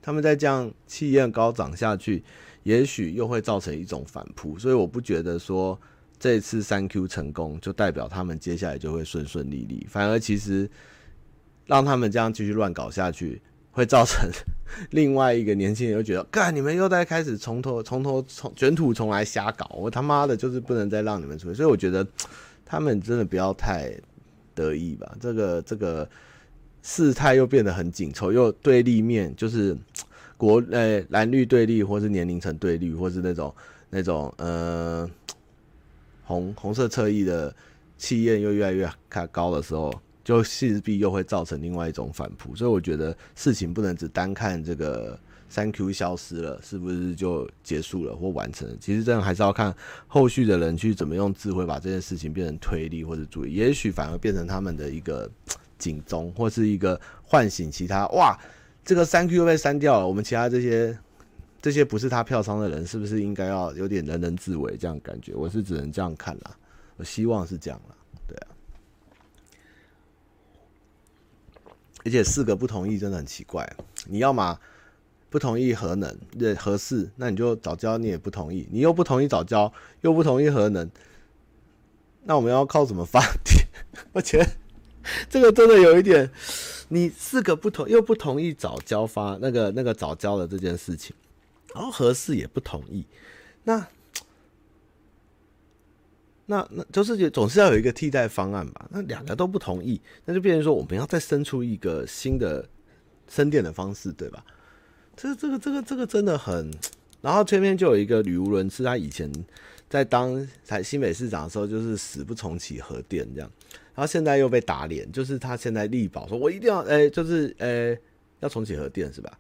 他們在這樣氣焰高漲下去，也許又會造成一種反撲，所以我不覺得說這次 3Q 成功就代表他們接下來就會順順利利，反而其實讓他們這樣繼續亂搞下去。會造成另外一個年輕人又覺得，幹，你們又在開始從頭從頭從捲土重來瞎搞，我他媽的就是不能再讓你們出去，所以我覺得他們真的不要太得意吧。這個這個事態又變得很緊湊，又對立面就是國呃、欸、藍綠對立，或是年齡層對立，或是那種那種呃紅紅色側翼的氣焰又越來越高的時候就勢必又會造成另外一種反撲，所以我覺得事情不能只單看這個 3Q 消失了，是不是就結束了或完成了？其實這樣還是要看後續的人去怎麼用智慧把這件事情變成推力或者阻力。也許反而變成他們的一個警鐘或是一個喚醒。其他哇，這個 3Q 被刪掉了，我們其他這些這些不是他票倉的人，是不是應該要有點人人自危這樣的感覺？我是只能這樣看啦，我希望是這樣啦。而且四個不同意真的很奇怪。你要麼不同意核能，對，核四，那你就藻礁你也不同意。你又不同意藻礁，又不同意核能，那我們要靠什麼發電？而 且這個真的有一點，你四個不同又不同意藻礁發那個那個藻礁的這件事情，然後核四也不同意，那。那那就是總總是要有一個替代方案吧？那兩個都不同意，那就變成說我們要再生出一個新的生電的方式，對吧？這這個這個這個真的很……然後前面就有一個語無倫次，他以前在當台新北市長的時候，就是死不重啟核電這樣，然後現在又被打臉，就是他現在力保說我一定要哎、欸，就是哎、欸、要重啟核電是吧？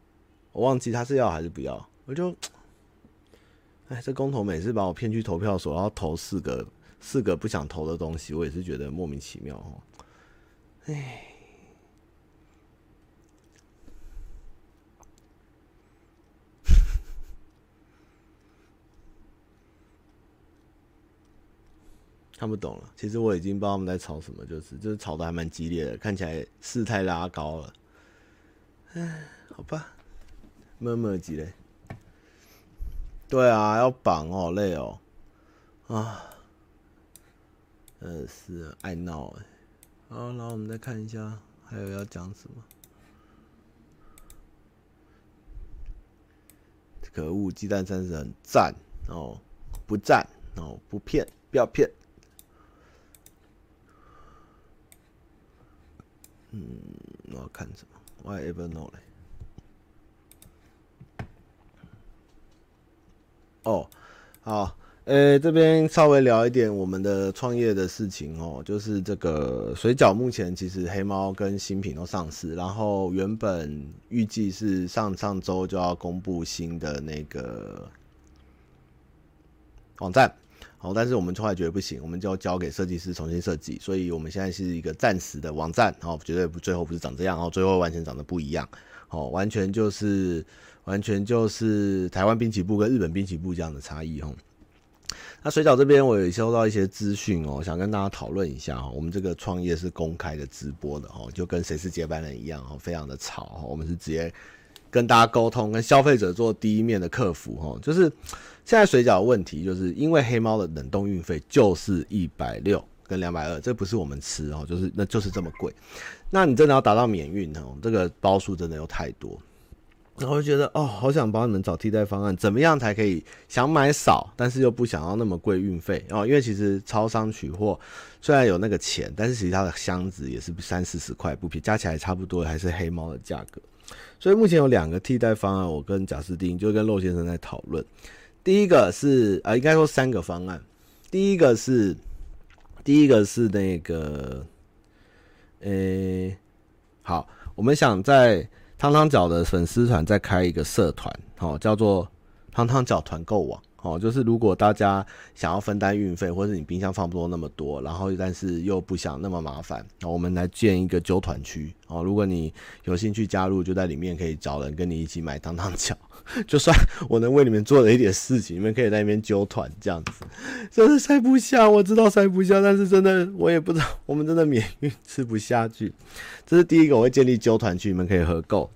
我忘記他是要還是不要，我就哎這公投每次把我騙去投票所，然後投四個。四個不想投的東西，我也是覺得莫名其妙哦。 看不懂了。其實我已經不知道他們在吵什麼，就是就是吵得還蠻激烈的，看起來事態拉高了。哎，好吧，沒沒幾嘞。對啊，要綁好累哦、喔，啊。呃，是愛鬧、欸、好，然後我們再看一下，還有要講什麼可？可惡，雞蛋三神讚哦，不讚哦，不騙、哦，不要騙。嗯，我要看什麼？why ever know、欸、哦，好。呃、欸，這邊稍微聊一點我們的創業的事情哦，就是這個水餃目前其實黑貓跟新品都上市，然後原本預計是上上周就要公布新的那個網站，哦，但是我們後來覺得不行，我們就交給設計師重新設計，所以我們現在是一個暫時的網站哦，絕對不最後不是長這樣哦，最後完全長得不一樣哦，完全就是完全就是台灣濱崎步跟日本濱崎步這樣的差異哦。那水餃這邊我有收到一些資訊哦，想跟大家討論一下哈。我們這個創業是公開的直播的哦，就跟誰是接班人一樣哦，非常的吵哦。我們是直接跟大家溝通，跟消費者做第一面的客服哈。就是現在水餃的問題，就是因為黑貓的冷凍運費就是一百六跟兩百二，這不是我們吃哦，就是那就是這麼貴。那你真的要達到免運哦，這個包數真的又太多。然後就覺得哦，好想幫你們找替代方案，怎麼樣才可以想買少，但是又不想要那麼貴運費哦？因為其實超商取貨雖然有那個錢，但是其實它的箱子也是三四十塊不平，加起來差不多還是黑貓的價格。所以目前有兩個替代方案，我跟賈斯汀就跟陸先生在討論。第一個是啊、呃，應該說三個方案。第一個是第一個是那個，呃、欸，好，我們想在。湯湯角的粉絲團在開一個社團、哦，叫做湯湯角團購網、哦，就是如果大家想要分擔運費，或是你冰箱放不多那麼多，然後但是又不想那麼麻煩、哦，我們來建一個揪團區、哦，如果你有興趣加入，就在裡面可以找人跟你一起買湯湯角。就算我能為你們做的一點事情，你們可以在那邊揪團這樣子，真的塞不下。我知道塞不下，但是真的我也不知道，我們真的免運吃不下去。這是第一個，我會建立揪團區，你們可以合購。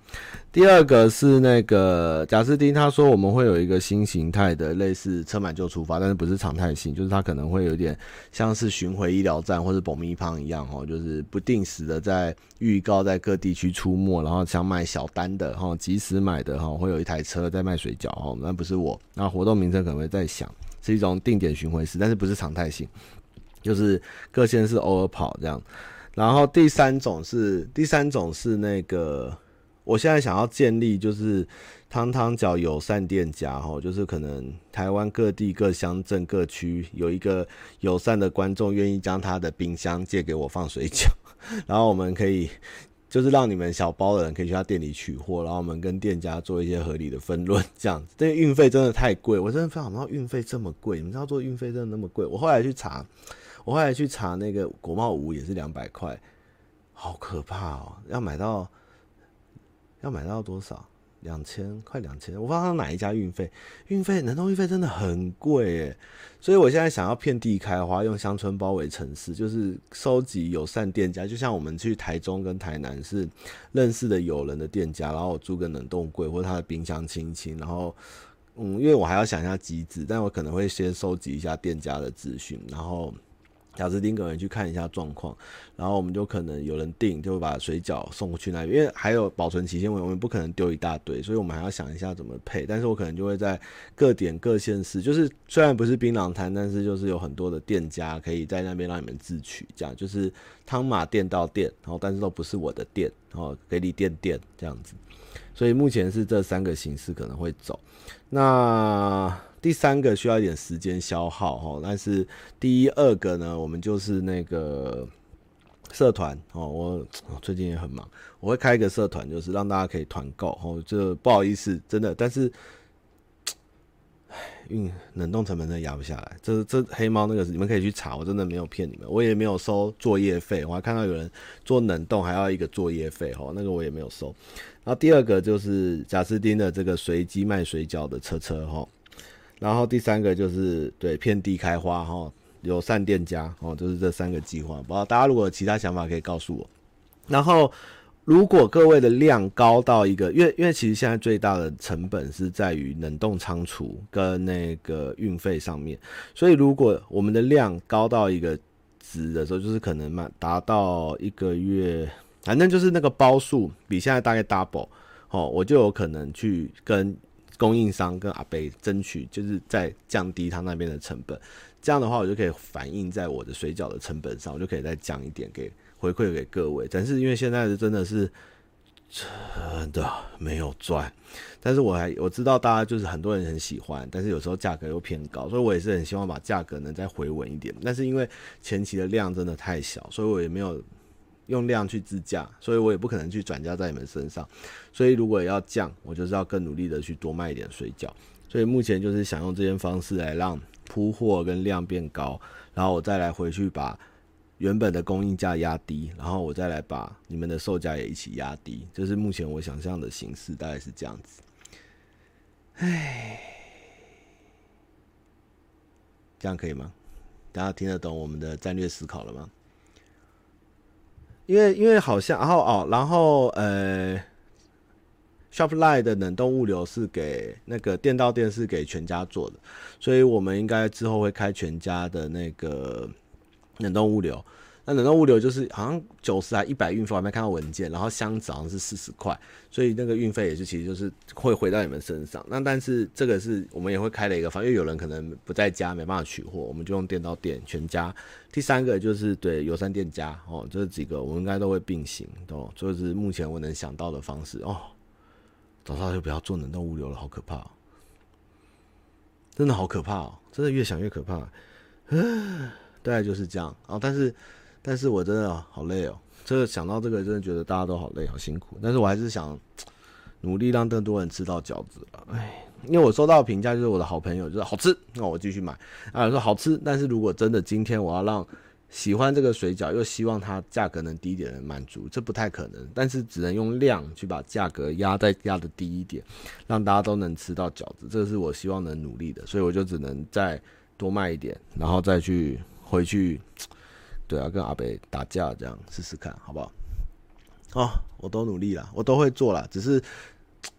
第二個是那個賈斯汀他說我們會有一個新形態的，類似車滿就出發，但是不是常態性，就是他可能會有點像是巡回醫療站或者保密胖一樣哦，就是不定時的在預告在各地區出沒，然後想買小單的哈，及時買的哈，會有一台。車在賣水餃哦，那不是我。那活動名稱可能會在想，是一種定點巡回式，但是不是常態性，就是各縣市偶爾跑這樣。然後第三種是，第三種是那個，我現在想要建立就是湯湯餃友善店家哦，就是可能台灣各地各鄉鎮各區有一個友善的觀眾願意將他的冰箱借給我放水餃，然後我們可以。就是讓你們小包的人可以去他店裡取貨，然後我們跟店家做一些合理的分潤，這樣子。這個運費真的太貴，我真的非常想不到運費這麼貴，你們知道做運費真的那麼貴？我後來去查，我後來去查那個國貿五也是兩百塊，好可怕哦、喔！要買到，要買到多少？兩千快兩千，我不知道哪一家運費，運費冷凍運費真的很貴誒，所以我現在想要遍地開花，用鄉村包圍城市，就是收集友善店家，就像我們去台中跟台南是認識的友人的店家，然後我租個冷凍櫃或他的冰箱清清。然後嗯，因為我還要想一下機制，但我可能會先收集一下店家的資訊，然後。小斯丁可能去看一下狀況，然後我們就可能有人訂，就把水餃送過去那邊。因為還有保存期限，我們不可能丟一大堆，所以我們還要想一下怎麼配。但是我可能就會在各點各縣市，就是雖然不是檳榔攤，但是就是有很多的店家可以在那邊讓你們自取，這樣就是湯馬店到店，然後但是都不是我的店，然後給你店店這樣子。所以目前是這三個形式可能會走。那第三個需要一點時間消耗哦，但是第二個呢，我們就是那個社團哦。我最近也很忙，我會開一個社團，就是讓大家可以團購哦，這不好意思，真的，但是，嗯，運冷凍成本真的壓不下來。這這黑貓那個，你們可以去查，我真的沒有騙你們，我也沒有收作業費。我還看到有人做冷凍還要一個作業費哦，那個我也沒有收。然後第二個就是賈斯汀的這個隨機賣水餃的車車哈。然後第三個就是對遍地開花哈，友善店家哦，就是這三個計劃。不知道大家如果有其他想法可以告訴我。然後如果各位的量高到一個，因為因為其實現在最大的成本是在於冷凍倉儲跟那個運費上面，所以如果我們的量高到一個值的時候，就是可能嘛達到一個月，反正就是那個包數比現在大概 double 哦，我就有可能去跟。供應商跟阿伯爭取，就是再降低他那邊的成本，這樣的話我就可以反映在我的水餃的成本上，我就可以再降一點給回饋給各位。但是因為現在是真的是真的沒有賺，但是我還我知道大家就是很多人很喜歡，但是有時候價格又偏高，所以我也是很希望把價格能再回穩一點。但是因為前期的量真的太小，所以我也沒有。用量去自價，所以我也不可能去轉嫁在你們身上。所以如果要降，我就是要更努力的去多賣一點水餃。所以目前就是想用這些方式來讓鋪貨跟量變高，然後我再來回去把原本的供應價壓低，然後我再來把你們的售價也一起壓低。就是目前我想象的形式，大概是這樣子。哎，這樣可以嗎？大家聽得懂我們的戰略思考了嗎？因為因為好像，然後哦，然後呃，ShopLine 的冷凍物流是給那個店到店是給全家做的，所以我們應該之後會開全家的那個冷凍物流。那冷凍物流就是好像九十還一百運費，我還沒看到文件。然後箱子好像是四十塊，所以那個運費也是其實就是會回到你們身上。那但是這個是我們也會開了一個方，因為有人可能不在家，沒辦法取貨，我們就用電到店全家。第三個就是對有三店家哦，這幾個我們應該都會並行，哦，所、就、以是目前我能想到的方式哦。早知道就不要做冷凍物流了，好可怕、哦！真的好可怕哦，真的越想越可怕、啊。大概就是這樣啊、哦，但是。但是我真的好累哦，這個想到這個真的覺得大家都好累好辛苦。但是我還是想努力讓更多人吃到餃子吧。哎，因為我收到評價就是我的好朋友就是好吃，那我繼續買。啊，說好吃，但是如果真的今天我要讓喜歡這個水餃又希望它價格能低一點的滿足，這不太可能。但是只能用量去把價格壓再壓的低一點，讓大家都能吃到餃子，這是我希望能努力的。所以我就只能再多賣一點，然後再去回去。對啊，跟阿北打架這樣試試看，好不好？哦，我都努力了，我都會做了，只是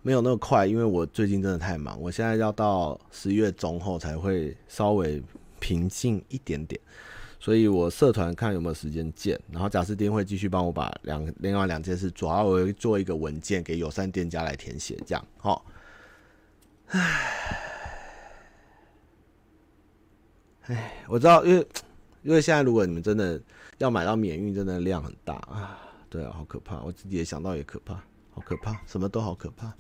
沒有那麼快，因為我最近真的太忙。我現在要到十一月中後才會稍微平靜一點點，所以我社團看有沒有時間見。然後賈斯丁會繼續幫我把兩另外兩件事，主要我會做一個文件給友善店家來填寫，這樣好。唉、哦，唉，我知道，因為。因為現在，如果你們真的要買到免運，真的量很大啊！對啊，好可怕，我自己也想到也可怕，好可怕，什麼都好可怕。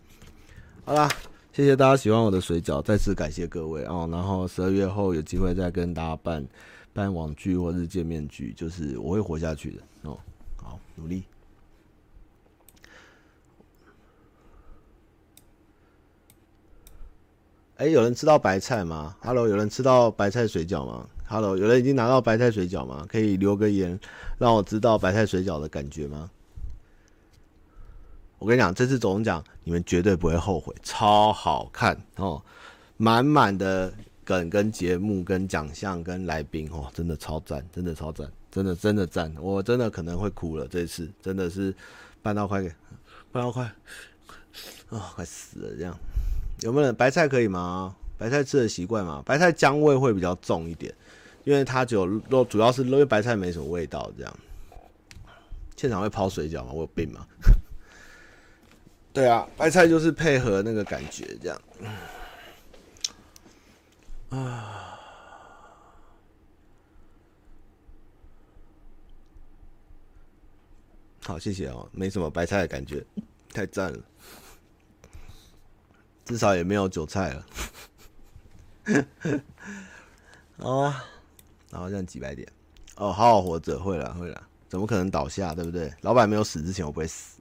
好啦，謝謝大家喜歡我的水餃，再次感謝各位哦。然後十二月後有機會再跟大家辦辦網劇或是見面劇，就是我會活下去的哦。好，努力。哎、欸，有人吃到白菜嗎？哈嘍，Hello, 有人吃到白菜水餃嗎？哈嘍，有人已經拿到白菜水餃嗎？可以留個言讓我知道白菜水餃的感覺嗎？我跟你講，這次走鐘獎你們絕對不會後悔，超好看哦！滿滿的梗、跟節目、跟獎項、跟來賓哦，真的超讚，真的超讚，真的真的讚！我真的可能會哭了，這一次真的是辦到快給，辦到快啊，快死了這樣！有沒有白菜可以嗎？白菜吃的習慣嗎？白菜薑味會比較重一點。因為它就主要是肉，因為白菜沒什麼味道，這樣。現場會泡水餃嗎？我有病嗎？對啊，白菜就是配合那個感覺，這樣啊。好，謝謝哦、喔，沒什麼白菜的感覺，太讚了，至少也沒有韭菜了，好啊。然後這樣幾百點，哦，好好活着，會了會了，怎麼可能倒下，對不對？老闆沒有死之前，我不會死。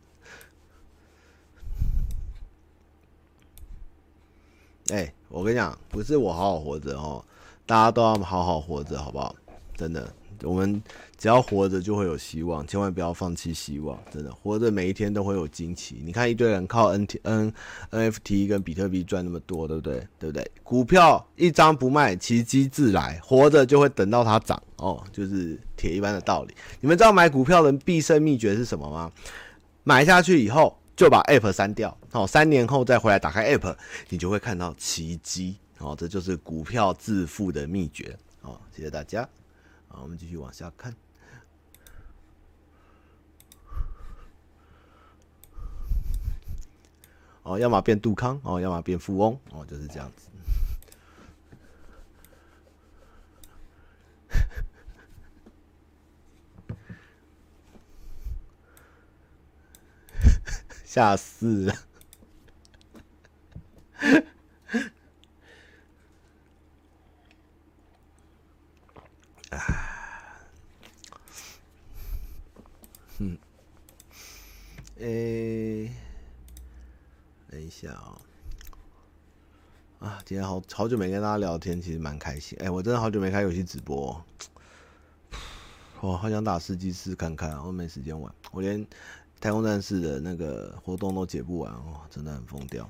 哎，我跟你講，不是我好好活着哦，大家都要好好活着，好不好？真的。我們只要活着就會有希望，千萬不要放棄希望。真的，活着每一天都會有驚奇。你看一堆人靠 N T N N F T 跟比特幣賺那麼多，對不對？對不對？股票一張不賣，奇蹟自來。活着就會等到它漲哦，就是鐵一般的道理。你們知道買股票的人必勝秘訣是什麼嗎？買下去以後就把 App 刪掉哦，三年後再回來打開 App，你就會看到奇蹟哦。這就是股票致富的秘訣哦。謝謝大家。我們繼續往下看。哦，要麼變杜康，哦，要麼變富翁，哦，就是這樣子。嚇死了！哎、啊，嗯，誒、欸，等一下啊、哦！啊，今天好好久沒跟大家聊天，其實蠻開心。哎、欸，我真的好久沒開遊戲直播、哦，我好想打世紀四試試看看、啊，我沒時間玩，我連太空戰士的那個活動都解不完哦，真的很瘋掉。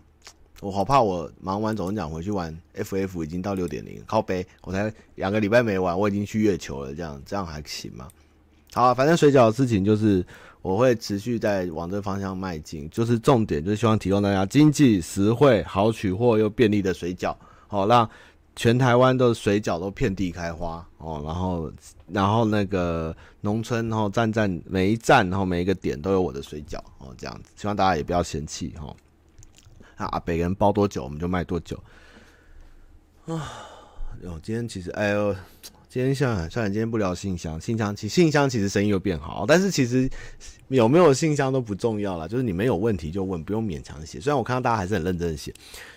我好怕，我忙完走鐘獎回去玩，F F 已經到六點零，靠背，我才兩個禮拜沒玩，我已經去月球了，這樣這樣還行嗎？好、啊，反正水餃的事情就是我會持續在往這方向邁進，就是重點，就是希望提供大家經濟實惠、好取貨又便利的水餃，好、哦、讓全台灣的水餃都遍地開花哦。然後，然後那個農村，然、哦、後站站，每一站，然後每一個點都有我的水餃哦，這樣子，希望大家也不要嫌棄哈。哦啊，每個人包多久我們就賣多久啊！喲，今天其實，哎呦，今天想想算了，今天不聊信箱，信箱其信箱其實生意又變好，但是其實有沒有信箱都不重要了。就是你們有問題就問，不用勉強寫。雖然我看到大家還是很認真寫，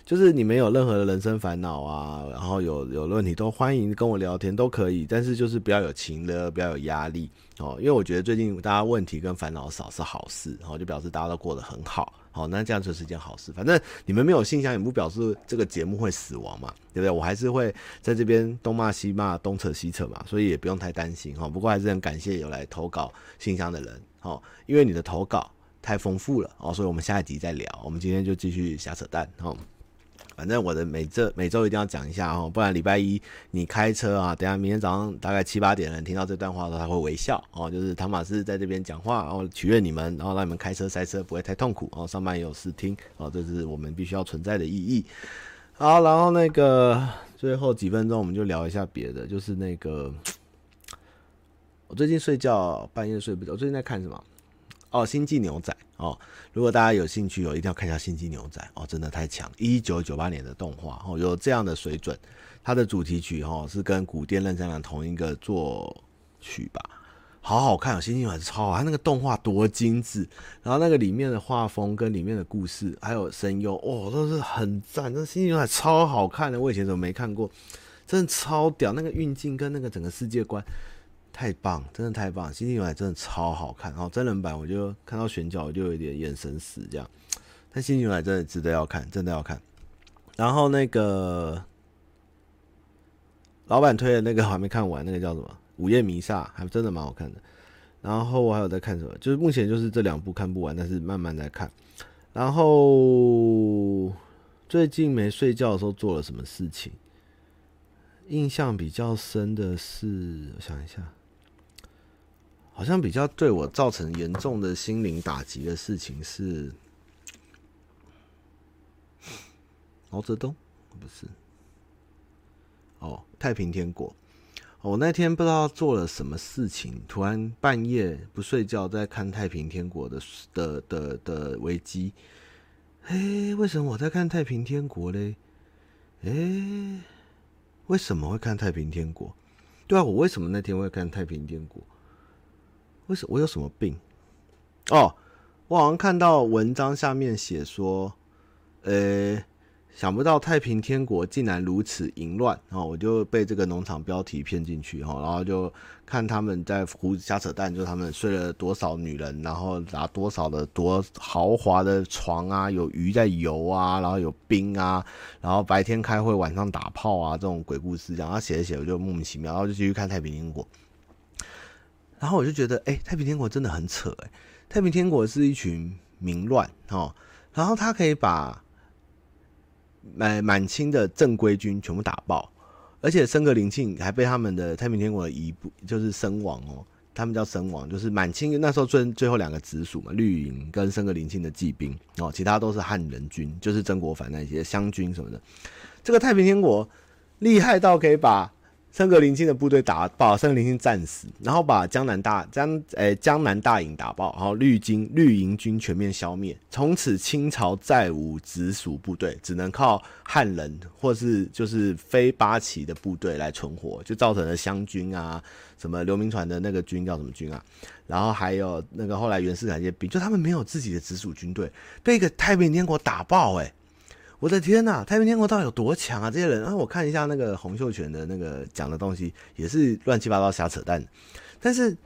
就是你們有任何的人生煩惱啊，然後有有問題都歡迎跟我聊天都可以，但是就是不要有情的，不要有壓力哦，因為我覺得最近大家問題跟煩惱少是好事，然後，哦，就表示大家都過得很好。哦，那這樣子是件好事。反正你們沒有信箱，也不表示這個節目會死亡嘛，對不對？我還是會在這邊東罵西罵，東扯西扯嘛，所以也不用太擔心哈，哦。不過還是很感謝有來投稿信箱的人哦，因為你的投稿太豐富了哦，所以我們下一集再聊。我們今天就繼續瞎扯淡哦。反正我的每這每周一定要講一下哦，不然禮拜一你開車啊，等下明天早上大概七八點能聽到這段話的時候，他會微笑哦，就是湯馬斯在這邊講話哦，然後取悅你們，然後讓你們開車塞車不會太痛苦哦，上班也有試聽哦，這是我們必須要存在的意義。好，然後那個最後幾分鐘我們就聊一下別的，就是那個我最近睡覺半夜睡不着，我最近在看什麼？哦，《星際牛仔》哦，如果大家有興趣哦，一定要看一下《星際牛仔》哦，真的太強！一九九八年的動畫哦，有這樣的水準，它的主題曲哦，是跟古畑任三郎同一個作曲吧，好好看哦，《星際牛仔》超好，它那個動畫多精緻，然後那個裡面的畫風跟裡面的故事，還有聲優，哦，都是很讚。那《星際牛仔》超好看的，我以前怎麼沒看過？真的超屌，那個運鏡跟那個整個世界觀。太棒，真的太棒，《星際牛仔》真的超好看。然後，喔，真人版，我就看到選角，我就有點眼神死這樣。但《星際牛仔》真的值得要看，真的要看。然後那個老闆推的那個還沒看完，那個叫什麼？《午夜彌撒》，還真的蠻好看的。然後我還有在看什麼，就是目前就是這兩部看不完，但是慢慢在看。然後最近沒睡覺的時候做了什麼事情？印象比較深的是，我想一下。好像比較對我造成嚴重的心靈打擊的事情是毛澤東，不是？哦，太平天國。哦，我那天不知道做了什麼事情，突然半夜不睡覺在看《太平天國》的的的的危機。哎、欸，為什麼我在看《太平天國》嘞？哎，為什麼會看《太平天國》？對啊，我為什麼那天會看《太平天國》？為什麼我有什麼病？哦，我好像看到文章下面寫說，呃，想不到太平天國竟然如此淫亂啊！我就被這個農場標題騙進去哦，然後就看他們在胡瞎扯淡，就他們睡了多少女人，然後拿多少的多豪華的床啊，有魚在游啊，然後有冰啊，然後白天開會，晚上打炮啊，這種鬼故事這樣。然後寫着寫着我就莫名其妙，然後就繼續看太平天國。然後我就覺得，哎、欸，太平天國真的很扯哎、欸！太平天國是一群民亂哦，然後他可以把，滿滿清的正規軍全部打爆，而且僧格林沁還被他們的太平天國的一部就是僧王哦，他們叫僧王，就是滿清那時候最最後兩個直屬嘛，綠營跟僧格林沁的騎兵哦，其他都是漢人軍，就是曾國藩那些湘軍什麼的，這個太平天國厲害到可以把。僧格林沁的部隊打爆，僧格林沁戰死，然後把江南大江誒、欸、江南大營打爆，然後綠軍綠營軍全面消滅，從此清朝再無直屬部隊，只能靠漢人或是就是非八旗的部隊來存活，就造成了湘軍啊什麼劉銘傳的那個軍叫什麼軍啊，然後還有那個後來袁世凱那些兵，就他們沒有自己的直屬軍隊，被一個太平天國打爆誒、欸。我的天吶、啊，太平天國到底有多強啊？這些人啊，我看一下那個洪秀全的那個講的東西也是亂七八糟、瞎扯淡的。但是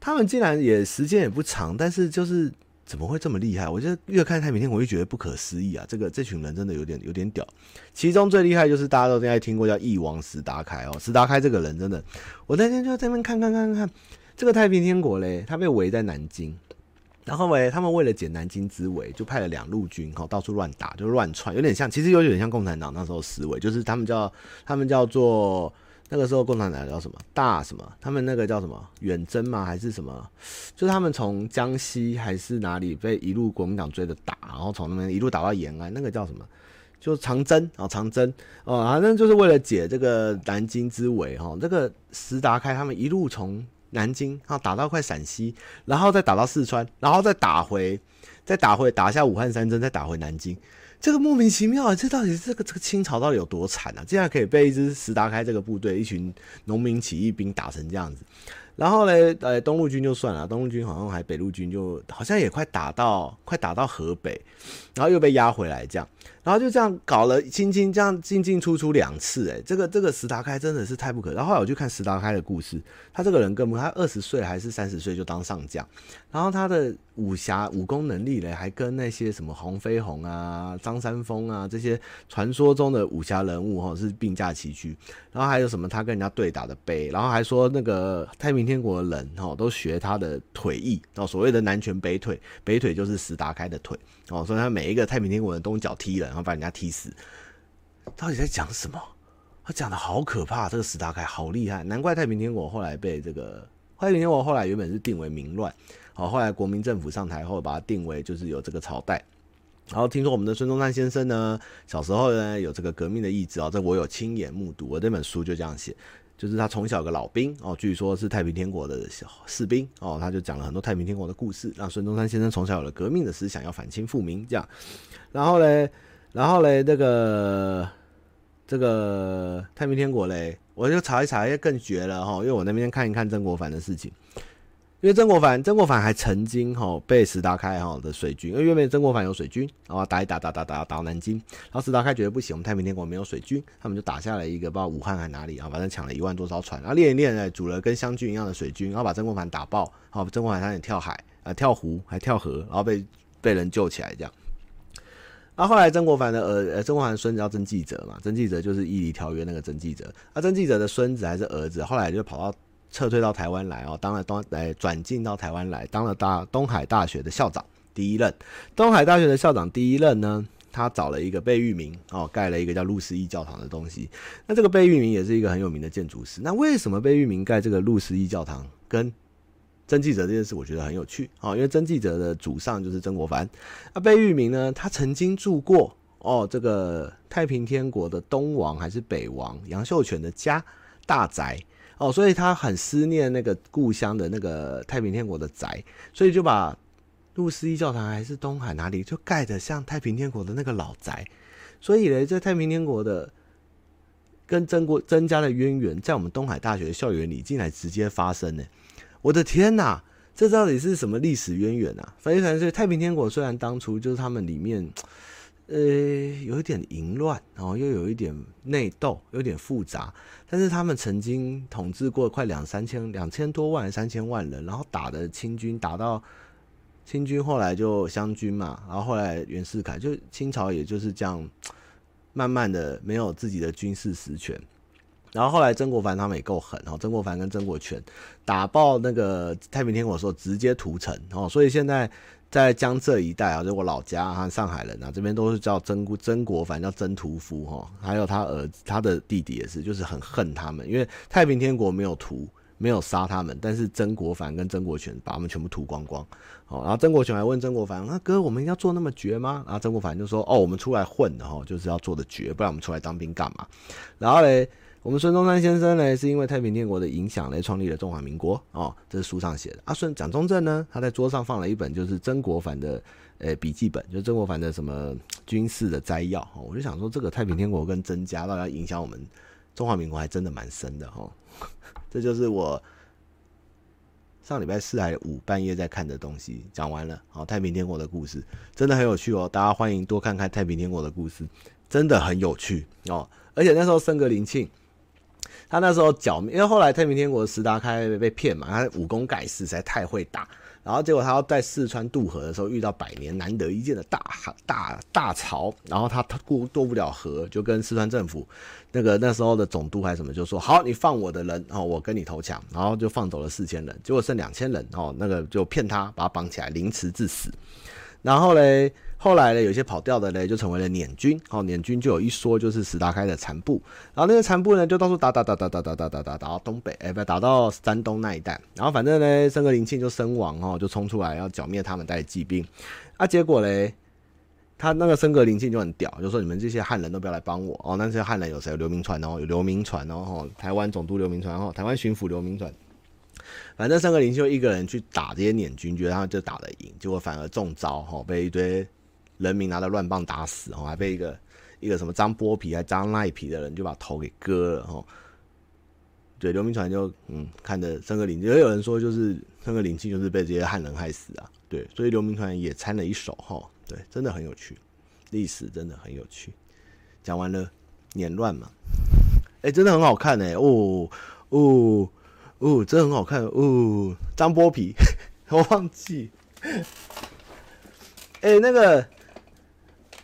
他們竟然也時間也不長，但是就是怎麼會這麼厲害？我就越看太平天國越覺得不可思議啊！這個這群人真的有點有點屌。其中最厲害就是大家都應該聽過叫翼王石達開哦。石達開這個人真的，我那天就在那邊看看看看看，這個太平天國嘞，他被圍在南京。然後餵、欸、他們為了解南京之圍，就派了兩路軍哈，到處亂打，就亂竄，有點像，其實有點像共產黨那時候思維，就是他們叫他們叫做那個時候共產黨叫什麼大什麼，他們那個叫什麼遠征嗎？還是什麼？就是他們從江西還是哪裡被一路國民黨追着打，然後從那邊一路打到延安，那個叫什麼？就長征啊、哦，長征啊、哦，反正就是為了解這個南京之圍哈，這、哦那個石達開他們一路從。南京，然後打到快陝西，然後再打到四川，然後再打回，再打回打下武漢三鎮，再打回南京。這個莫名其妙，啊，這到底這個這個清朝到底有多慘啊？竟然可以被一支石達開這個部隊，一群農民起義兵打成這樣子。然後呢，呃、哎，東路軍就算了，東路軍好像還，北路軍就好像也快打到，快打到河北，然後又被壓回來，這樣。然後就這樣搞了，清清這樣進進出出兩次，欸，哎，這個這個石達開真的是太不可。然後，後來我就看石達開的故事，他這個人根本，他二十歲還是三十歲就當上將，然後他的武俠武功能力呢，還跟那些什麼黃飛鴻啊、張三豐啊這些傳說中的武俠人物哈是並駕齊驅。然後還有什麼他跟人家對打的背，然後還說那個太平天國的人哈都學他的腿藝，到所謂的南拳北腿，北腿就是石達開的腿。哦，所以他每一個太平天國人都用腳踢人，然後把人家踢死，到底在講什麼？他講得好可怕，這個石達開好厲害，難怪太平天國後來被這個太平天國後來原本是定為民亂、哦，後來國民政府上台後把它定為就是有這個朝代。然後聽說我們的孫中山先生呢，小時候呢有這個革命的意志啊、哦，這我有親眼目睹，我那本書就這樣寫。就是他從小有個老兵哦，據說是太平天國的小士兵哦，他就講了很多太平天國的故事，讓孫中山先生從小有了革命的思想，要反清復明這樣。然後嘞，然後嘞，這個這個太平天國嘞，我就查一查，也更絕了哈、哦，因為我那邊看一看曾國藩的事情。因為曾國藩，曾國藩還曾經哈、喔、被石達開哈的水軍，因為原本曾國藩有水軍，然後打一打打打打,打,打到南京，然後石達開覺得不行，我們太平天國沒有水軍，他們就打下了一個不知道武漢還哪裡啊，反正搶了一萬多艘船，啊練一練哎，組了跟湘軍一樣的水軍，然後把曾國藩打爆，好，曾國藩他也跳海啊、呃，跳湖還跳河，然後被被人救起來這樣。那後,後來曾國藩的呃曾國藩孫子叫曾紀澤嘛，曾紀澤就是《伊犁條約》那個曾紀澤，而曾紀澤的孫子還是兒子，後來就跑到。撤退到台灣來哦，當了東來轉進到台灣來，當了大東海大學的校長第一任。東海大學的校長第一任呢，他找了一個貝聿銘哦，蓋了一個叫路思義教堂的東西。那這個貝聿銘也是一個很有名的建築師。那為什麼貝聿銘蓋這個路思義教堂跟曾紀澤這件事，我覺得很有趣啊、哦，因為曾紀澤的祖上就是曾國藩。那貝聿銘呢，他曾經住過哦，這個太平天國的東王還是北王楊秀全的家大宅。哦，所以他很思念那個故鄉的那個太平天國的宅，所以就把路思義教堂還是東海哪裡就蓋的像太平天國的那個老宅，所以呢，在太平天國的跟曾國曾家的淵源，在我們東海大學校園裡竟然直接發生呢、欸。我的天哪、啊，這到底是什麼歷史淵源啊？反正就是太平天國，雖然當初就是他們裡面。呃，有一點淫亂，然後又有一點內鬥，有點複雜。但是他們曾經統治過快兩三千、兩千多萬、三千萬人，然後打的清軍打到清軍後來就湘軍嘛，然後後來袁世凱就清朝也就是這樣，慢慢的沒有自己的軍事實權。然後後來曾國藩他們也夠狠，曾國藩跟曾國荃打爆那個太平天國的時候直接屠城，所以現在。在江浙一帶啊，就我老家啊，上海人啊，這邊都是叫曾曾國藩叫曾屠夫哈，還有他兒子、他的弟弟也是，就是很恨他們，因為太平天國沒有屠、沒有殺他們，但是曾國藩跟曾國荃把他們全部屠光光。哦，然後曾國荃還問曾國藩，那、啊、哥，我們要做那麼絕嗎？然後曾國藩就說，哦，我們出來混的哈、哦，就是要做的絕，不然我們出來當兵幹嘛？然後嘞。我們孫中山先生呢，是因為太平天國的影響嘞，創立了中華民國哦，這是書上寫的。阿孫蔣中正呢，他在桌上放了一本就是曾國藩的呃筆、欸、記本，就是曾國藩的什麼軍事的摘要哦。我就想說，這個太平天國跟曾家，到底要影響我們中華民國還真的蠻深的哦呵呵。這就是我上禮拜四還五半夜在看的東西，講完了哦。太平天國的故事真的很有趣哦，大家歡迎多看看太平天國的故事，真的很有趣哦。而且那時候僧格林沁。他那時候剿滅，因為後來太平天國石達開被騙嘛，他武功蓋世，實在太會打。然後結果他要在四川渡河的時候遇到百年難得一見的大大大，大潮，然後他他過，過不了河，就跟四川政府那個那時候的總督還是什麼就說：“好，你放我的人，然後我跟你投降。”然後就放走了四千人，結果剩兩千人哦，那個就騙他把他綁起來凌遲致死。然後嘞。後來呢，有些跑掉的呢，就成為了捻軍。哦，捻軍就有一說，就是石達開的殘部。然後那個殘部呢，就到處打打打打打打打打打、打，到東北，哎、欸，打到山東那一帶。然後反正呢，僧格林沁就身亡哦，就衝出來要剿滅他們帶的騎兵。啊，結果呢，他那個僧格林沁就很屌，就說你們這些漢人都不要來幫我哦。那些漢人有誰？有劉銘傳哦，有劉銘傳哦，哦台灣總督劉銘傳哦，台灣巡撫劉銘傳。反正僧格林沁就一個人去打這些捻軍，覺得他就打得贏，結果反而中招哈、哦，被一堆。人民拿着亂棒打死哦，還被一個一個什麼張剝皮還張賴皮的人就把頭給割了哈。對，劉銘傳就嗯看着僧格林沁，也有人說就是僧格林沁就是被這些漢人害死啊。對，所以劉銘傳也摻了一手哈。對，真的很有趣，歷史真的很有趣。講完了捻亂嘛，哎、欸，真的很好看哎、欸，哦哦哦，真的很好看哦。張剝皮， 我忘記，哎、欸、那個。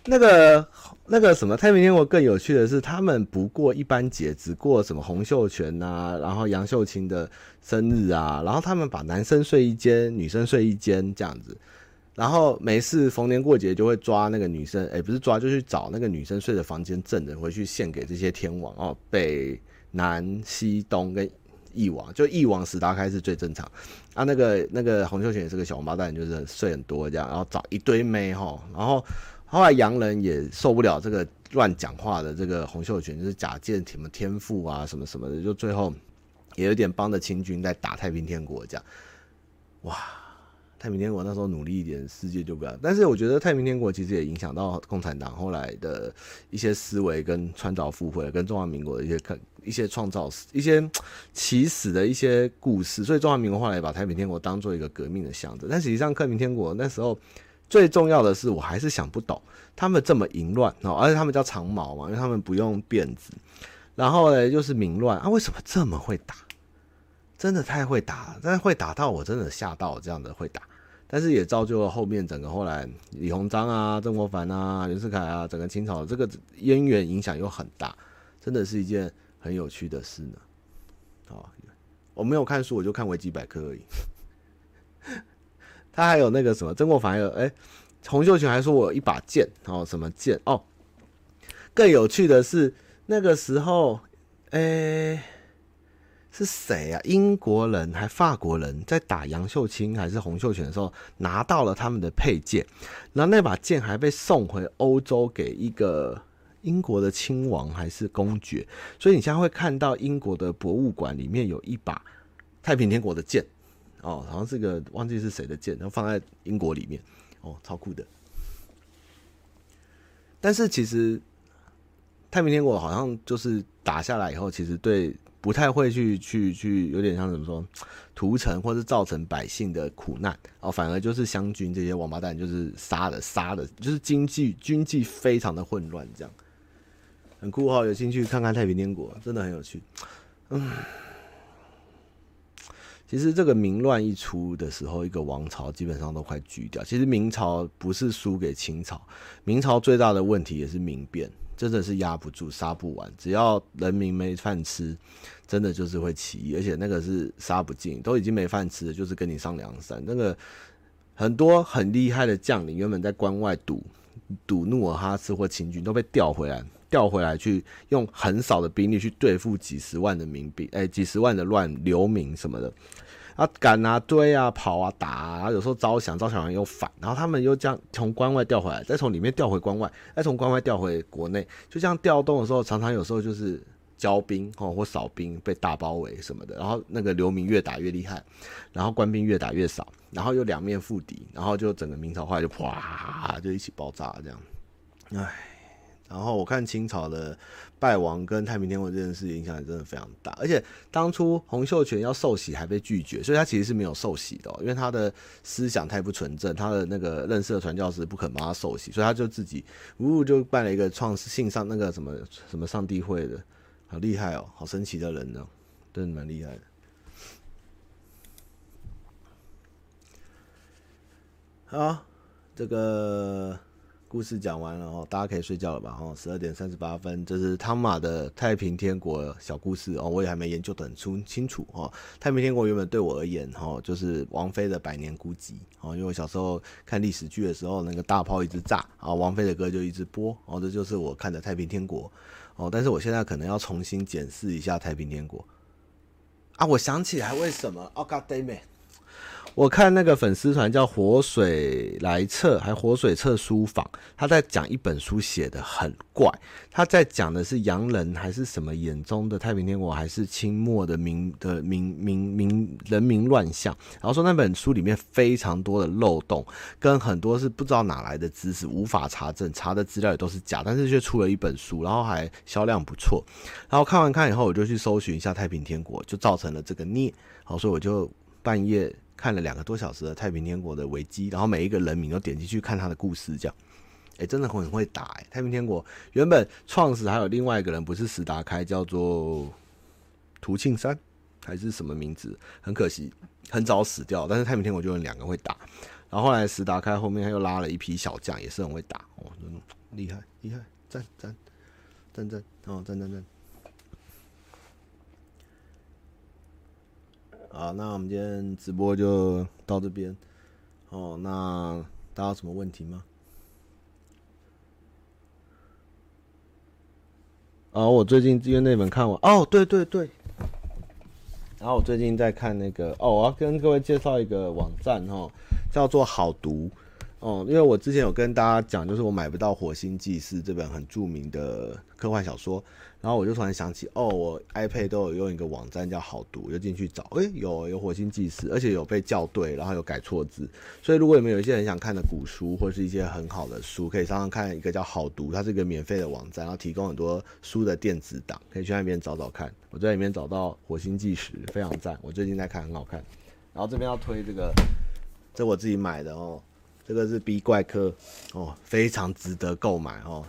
那個那個什麼太平天國更有趣的是，他們不過一般節，只過什麼洪秀全啊，然後楊秀清的生日啊，然後他們把男生睡一間，女生睡一間這樣子，然後每次逢年過節就會抓那個女生，誒、欸、不是抓，就去找那個女生睡的房間證人回去獻給這些天王哦，北南西東跟翼王，就翼王石達開是最正常，啊，那個那個洪秀全也是個小王八蛋，就是睡很多這樣，然後找一堆妹吼、哦、然後。後來洋人也受不了這個亂講話的這個洪秀全，就是假借什麼天父啊什麼什麼的，就最後也有點幫着清軍在打太平天國。這樣，哇，太平天國那時候努力一點，世界就不要。但是我覺得太平天國其實也影響到共產黨後來的一些思維跟創造復會，跟中華民國的一些一些創造一些起始的一些故事。所以中華民國後來把太平天國當做一個革命的象徵。但實際上，太平天國那時候。最重要的是，我還是想不懂他們這麼淫亂哦，而、啊、且他們叫長毛嘛，因為他們不用辮子。然後呢，又是明亂啊，為什麼這麼會打？真的太會打了，但是會打到我真的嚇到，這樣的會打。但是也造就了後面整個後來李鴻章啊、曾國藩啊、袁世凱啊，整個清朝這個淵源影響又很大，真的是一件很有趣的事呢。哦，我沒有看書，我就看維基百科而已。 他還有那個什麼曾國藩還有哎、欸，洪秀全還說，我有一把劍，然、哦、什麼劍哦？更有趣的是那個時候，誒、欸、是誰啊？英國人還法國人在打楊秀清還是洪秀全的時候拿到了他們的佩劍，然後那把劍還被送回歐洲給一個英國的親王還是公爵，所以你現在會看到英國的博物館裡面有一把太平天國的劍。哦，好像是個忘記是誰的劍，然後放在英國裡面，哦，超酷的。但是其實太平天國好像就是打下來以後，其實對不太會去去去，去有點像怎麼說，屠城或者是造成百姓的苦難哦，反而就是湘軍這些王八蛋就是殺的殺的，就是經濟軍紀非常的混亂，這樣很酷哈、哦，有興趣看看太平天國，真的很有趣，嗯。其實這個民亂一出的時候，一個王朝基本上都快劇掉。其實明朝不是輸給清朝，明朝最大的問題也是民變，真的是壓不住、殺不完。只要人民沒飯吃，真的就是會起義，而且那個是殺不盡，都已經沒飯吃了，就是跟你上梁山。那個很多很厲害的將領，原本在關外堵堵努爾哈赤或清軍，都被調回來。調回來去用很少的兵力去對付幾十萬的民兵，哎、欸，幾十萬的亂流民什麼的，啊，趕啊，追啊，跑啊，打，啊，有時候招降，招降又反，然後他們又將從關外調回來，再從裡面調回關外，再從關外調回國內，就這樣調動的時候，常常有時候就是交兵哦或少兵被大包圍什麼的，然後那個流民越打越厲害，然後官兵越打越少，然後又兩面腹敵，然後就整個明朝後來就啪就一起爆炸這樣，哎。然後我看清朝的敗亡跟太平天國這件事影響也真的非常大，而且當初洪秀全要受洗還被拒絕，所以他其實是沒有受洗的、哦，因為他的思想太不純正，他的那個認識的傳教士不肯幫他受洗，所以他就自己嗚嗚就辦了一個創信上那個什麼什麼上帝會的，好厲害哦，好神奇的人呢、哦，真的蠻厲害的。好、啊，這個。故事講完了哦，大家可以睡覺了吧？哦，十二點三十八分，這是湯馬的太平天國小故事哦。我也還沒研究得很清清楚哦。太平天國原本對我而言，哦，就是王菲的《百年孤寂》哦，因為我小時候看歷史劇的時候，那個大炮一直炸，然後王菲的歌就一直播，哦，這就是我看的太平天國哦。但是我現在可能要重新檢視一下太平天國啊，我想起來為什麼？Oh God，they 我看那個粉絲團叫“活水來測”還“活水測書房”，他在講一本書寫得很怪，他在講的是洋人還是什麼眼中的太平天國，還是清末的民的民民民人民亂象，然後說那本書裡面非常多的漏洞，跟很多是不知道哪來的知識無法查證，查的資料也都是假，但是卻出了一本書，然後還銷量不錯。然後看完看以後，我就去搜尋一下太平天國，就造成了這個孽。好，所以我就半夜。看了兩個多小時的太平天國的危機，然後每一個人民都點進去看他的故事，這樣，哎、欸，真的很會打哎、欸！太平天國原本創始還有另外一個人，不是石達開，叫做涂慶山還是什麼名字？很可惜，很早死掉。但是太平天國就有兩個會打，然後後來石達開後面他又拉了一批小將，也是很會打哦，厲害厲害，讚讚讚讚哦，讚讚讚。好，那我們今天直播就到這邊哦。那大家有什麼問題嗎？啊、哦，我最近因為那本看完，哦，對對對。然後我最近在看那個，哦，我要跟各位介紹一個網站哦，叫做好讀哦，因為我之前有跟大家講，就是我買不到《火星紀事》這本很著名的科幻小說。然後我就突然想起，哦，我 iPad 都有用一個網站叫好讀，就進去找，哎，有有《火星紀事》，而且有被校對，然後有改錯字。所以如果你們有一些很想看的古書，或是一些很好的書，可以常常看一個叫好讀，它是一個免費的網站，然後提供很多書的電子檔，可以去那邊找找看。我在裡面找到《火星紀事》，非常贊，我最近在看，很好看。然後這邊要推這個，這我自己買的哦，這個是《B 怪科》哦，非常值得購買哦，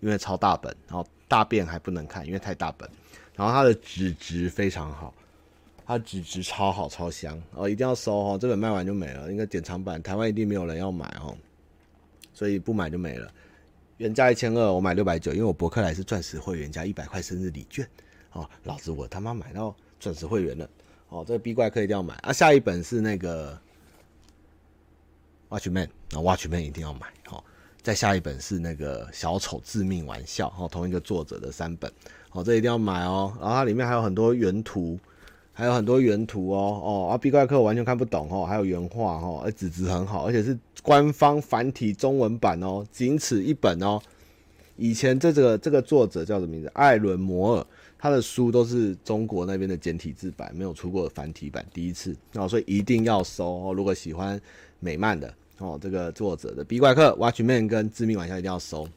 因為超大本，然後大便還不能看，因為太大本。然後它的紙質非常好，它紙質超好、超香哦，一定要收哦。這本賣完就沒了，一個典藏版，台灣一定沒有人要買哦，所以不買就沒了。原價一千二，我買六百九，因為我博客來是鑽石會員加一百塊生日禮券哦。老子我他媽買到鑽石會員了哦，這個 B 怪客一定要買啊。下一本是那個 Watchman，啊、哦、Watchman 一定要買哦。再下一本是那個《小丑致命玩笑》哦，同一個作者的三本哦，這一定要買哦。然後它裡面還有很多原圖，還有很多原圖哦哦。啊，V 怪客，我完全看不懂哦，還有原畫哦，哎紙質很好，而且是官方繁體中文版哦，僅此一本哦。以前這個這個作者叫什麼名字？艾倫·摩爾，他的書都是中國那邊的簡體字版，沒有出過繁體版，第一次啊、哦，所以一定要收、哦。如果喜歡美漫的。哦，這個作者的《V 怪客》《Watchmen》跟《致命玩笑》一定要收，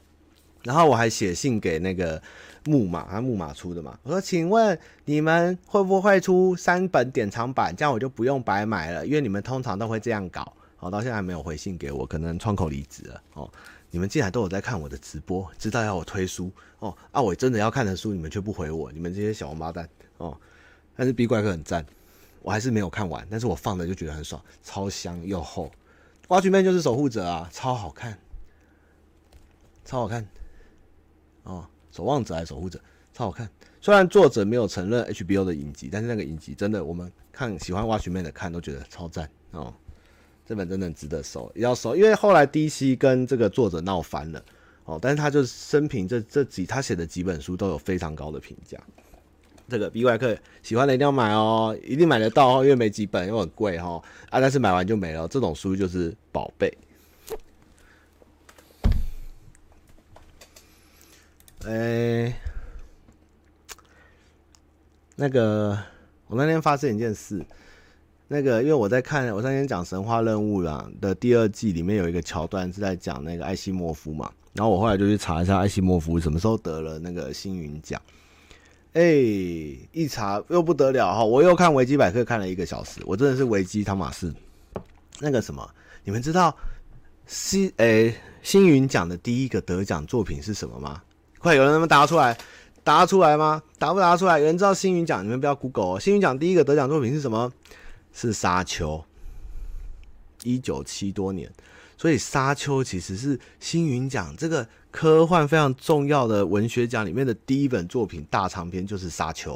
然後我還寫信給那個木馬，他木馬出的嘛，我說請問你們會不會出三本典藏版？這樣我就不用白買了，因為你們通常都會這樣搞。好，哦，到現在還沒有回信給我，可能窗口離職了哦。你們竟然都有在看我的直播，知道要我推書哦。啊，我真的要看的書，你們卻不回我，你們這些小王八蛋哦。但是《V 怪客》很讚，我還是沒有看完，但是我放的就覺得很爽，超香又厚。Watchmen 就是守護者啊，超好看，超好看，哦，守望者，還是守護者？超好看。雖然作者沒有承認 HBO 的影集，但是那個影集真的，我們看喜歡 Watchmen 的看都覺得超讚哦。這本真的值得收，要收，因為後來 DC 跟這個作者鬧翻了哦，但是他就是生平這這幾他寫的幾本書都有非常高的評價。這個 B Y 客喜歡的一定要買哦、喔，一定買得到哦、喔，因為沒幾本因為很貴哦、喔。啊！但是買完就沒了，這種書就是寶貝。哎、欸，那個我那天發生一件事，那個因為我在看我那天講《神話任務》啦的第二季裡面有一個橋段是在講那個艾西莫夫嘛，然後我後來就去查一下艾西莫夫什麼時候得了那個星雲獎。哎、欸，一查又不得了哈！我又看維基百科看了一個小時，我真的是維基湯馬斯。那個什麼，你們知道 C,、欸、星誒星雲獎的第一個得獎作品是什麼嗎？快有人能答出來？答出來嗎？答不答出來？有人知道星雲獎？你們不要 Google、哦。星雲獎第一個得獎作品是什麼？是《沙丘》。一九七多年，所以《沙丘》其實是星雲獎這個。科幻非常重要的文學獎裡面的第一本作品大長篇就是《沙丘》，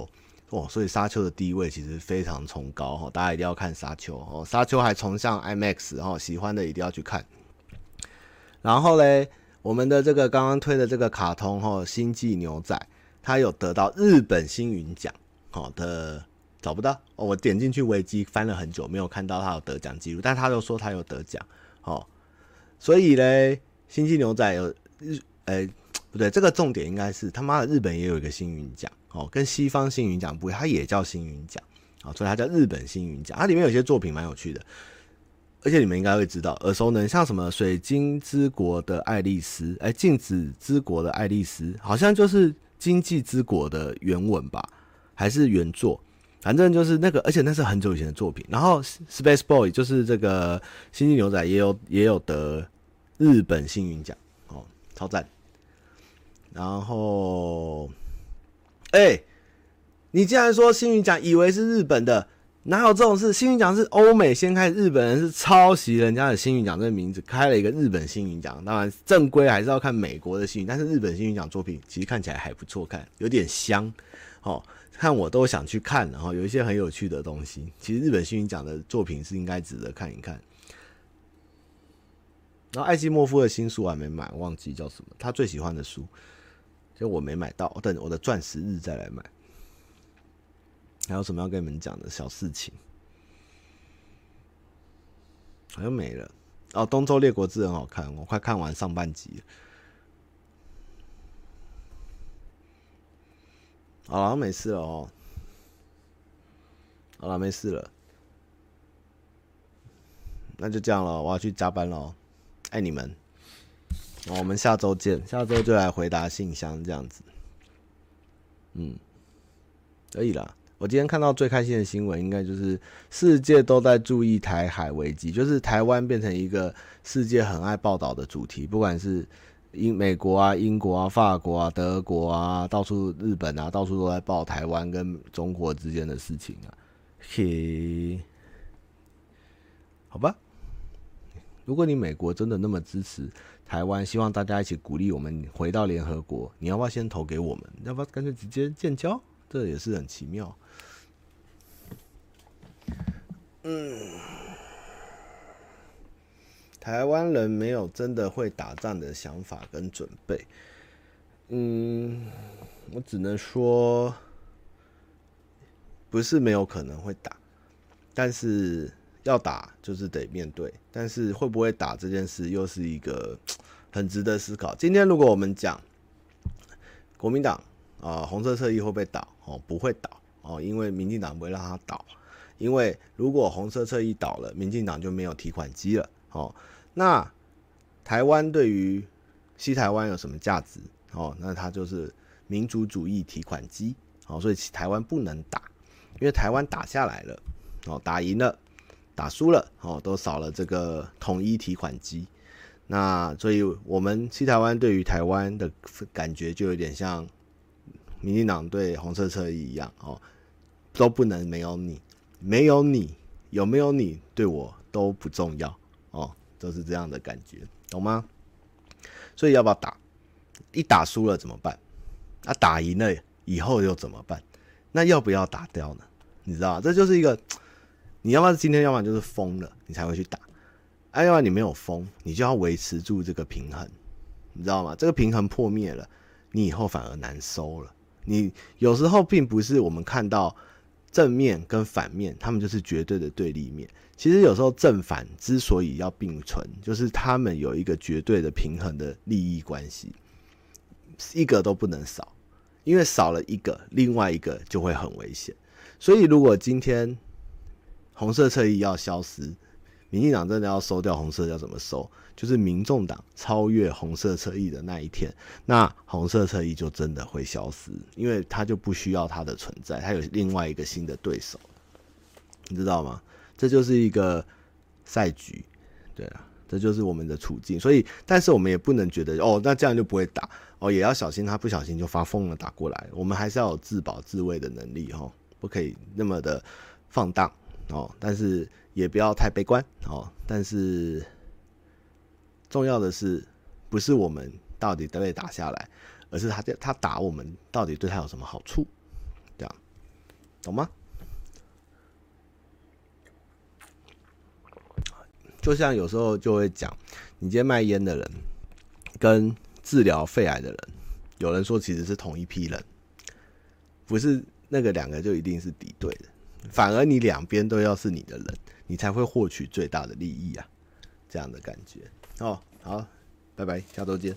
哦，所以《沙丘》的地位其實非常崇高，大家一定要看《沙丘》哦，《沙丘》還重嚮 IMAX 哦，喜歡的一定要去看。然後嘞，我們的這個剛剛推的這個卡通哦，《星際牛仔》它有得到日本星雲獎，好、哦、的，找不到，哦，我點進去維基翻了很久，沒有看到它有得獎記錄，但他又說他有得獎，哦，所以嘞，《星際牛仔》有。哎、欸，不對，這個重點應該是他媽的日本也有一個星雲獎哦，跟西方星雲獎不一樣，它也叫星雲獎啊，所以它叫日本星雲獎，它裡面有些作品蠻有趣的，而且你們應該會知道，耳熟能詳，像什麼《水晶之國的愛麗絲》欸、《鏡子之國的愛麗絲》，好像就是《經濟之國》的原文吧，還是原作？反正就是那個，而且那是很久以前的作品。然後《Space Boy》就是這個《星際牛仔》，也有也有得日本星雲獎哦，超讚。然後，哎、欸，你竟然說星雲獎以為是日本的，哪有這種事？星雲獎是歐美先開，日本人是抄襲人家的星雲獎這個名字，開了一個日本星雲獎。當然，正規還是要看美國的星雲，但是日本星雲獎作品其實看起來還不錯，看有點香，哦。看我都想去看。然、哦、後有一些很有趣的東西，其實日本星雲獎的作品是應該值得看一看。然後，艾西莫夫的新書我還沒買，忘記叫什麼，他最喜歡的書。就我沒買到，等我的鑽石日再來買。還有什麼要跟你們講的小事情？好像沒了哦，《東周列國志》很好看，我快看完上半集了。好了，沒事了哦。好了，沒事了。那就這樣了，我要去加班了哦。愛你們。我們下周見，下周就來回答信箱這樣子，嗯，可以啦。我今天看到最開心的新聞，應該就是世界都在注意台海危機，就是台灣變成一個世界很愛報道的主題，不管是英、美國啊、英國啊、法國啊、德國啊，到處日本啊，到處都在報台灣跟中國之間的事情啊。嘿，好吧，如果你美國真的那麼支持，台灣，希望大家一起鼓勵我們回到聯合國。你要不要先投給我們？你要不要乾脆直接建交？這也是很奇妙。嗯，台灣人沒有真的會打仗的想法跟準備。嗯，我只能說，不是沒有可能會打，但是。要打就是得面對，但是會不會打這件事又是一個很值得思考。今天如果我們講國民黨啊、呃，紅色側翼會不會倒？哦，不會倒哦，因為民進黨不會讓他倒，因為如果紅色側翼倒了，民進黨就沒有提款機了。哦，那台灣對於西台灣有什麼價值？哦，那它就是民族主義提款機。哦，所以台灣不能打，因為台灣打下來了，哦，打贏了。打輸了哦，都少了這個統一提款機，那所以我們西台灣對於台灣的感覺就有點像，民進黨對紅色車一樣哦，都不能沒有你，沒有你有沒有你對我都不重要哦，都、就是這樣的感覺，懂嗎？所以要不要打？一打輸了怎麼辦？那、啊、打贏了以後又怎麼辦？那要不要打掉呢？你知道這就是一個。你要不然今天，要不然就是瘋了，你才會去打。哎、啊，要不然你沒有瘋，你就要維持住這個平衡，你知道嗎？這個平衡破滅了，你以後反而難收了。你有時候並不是我們看到正面跟反面，他們就是絕對的對立面。其實有時候正反之所以要並存，就是他們有一個絕對的平衡的利益關係，一個都不能少，因為少了一個，另外一個就會很危險。所以如果今天。紅色側翼要消失，民進黨真的要收掉紅色，要怎麼收？就是民眾黨超越紅色側翼的那一天，那紅色側翼就真的會消失，因為它就不需要它的存在，它有另外一個新的對手，你知道嗎？這就是一個賽局，對啊，這就是我們的處境。所以，但是我們也不能覺得哦，那這樣就不會打哦，也要小心他不小心就發瘋了打過來，我們還是要有自保自衛的能力吼，不可以那麼的放蕩。哦，但是也不要太悲觀。哦，但是重要的是，不是我們到底得被打下來，而是他他打我們到底對他有什麼好處？這樣懂嗎？就像有時候就會講，你今天賣煙的人跟治療肺癌的人，有人說其實是同一批人，不是那個兩個就一定是敵對的。反而，你兩邊都要是你的人，你才會獲取最大的利益啊，這樣的感覺哦。好，拜拜，下週見。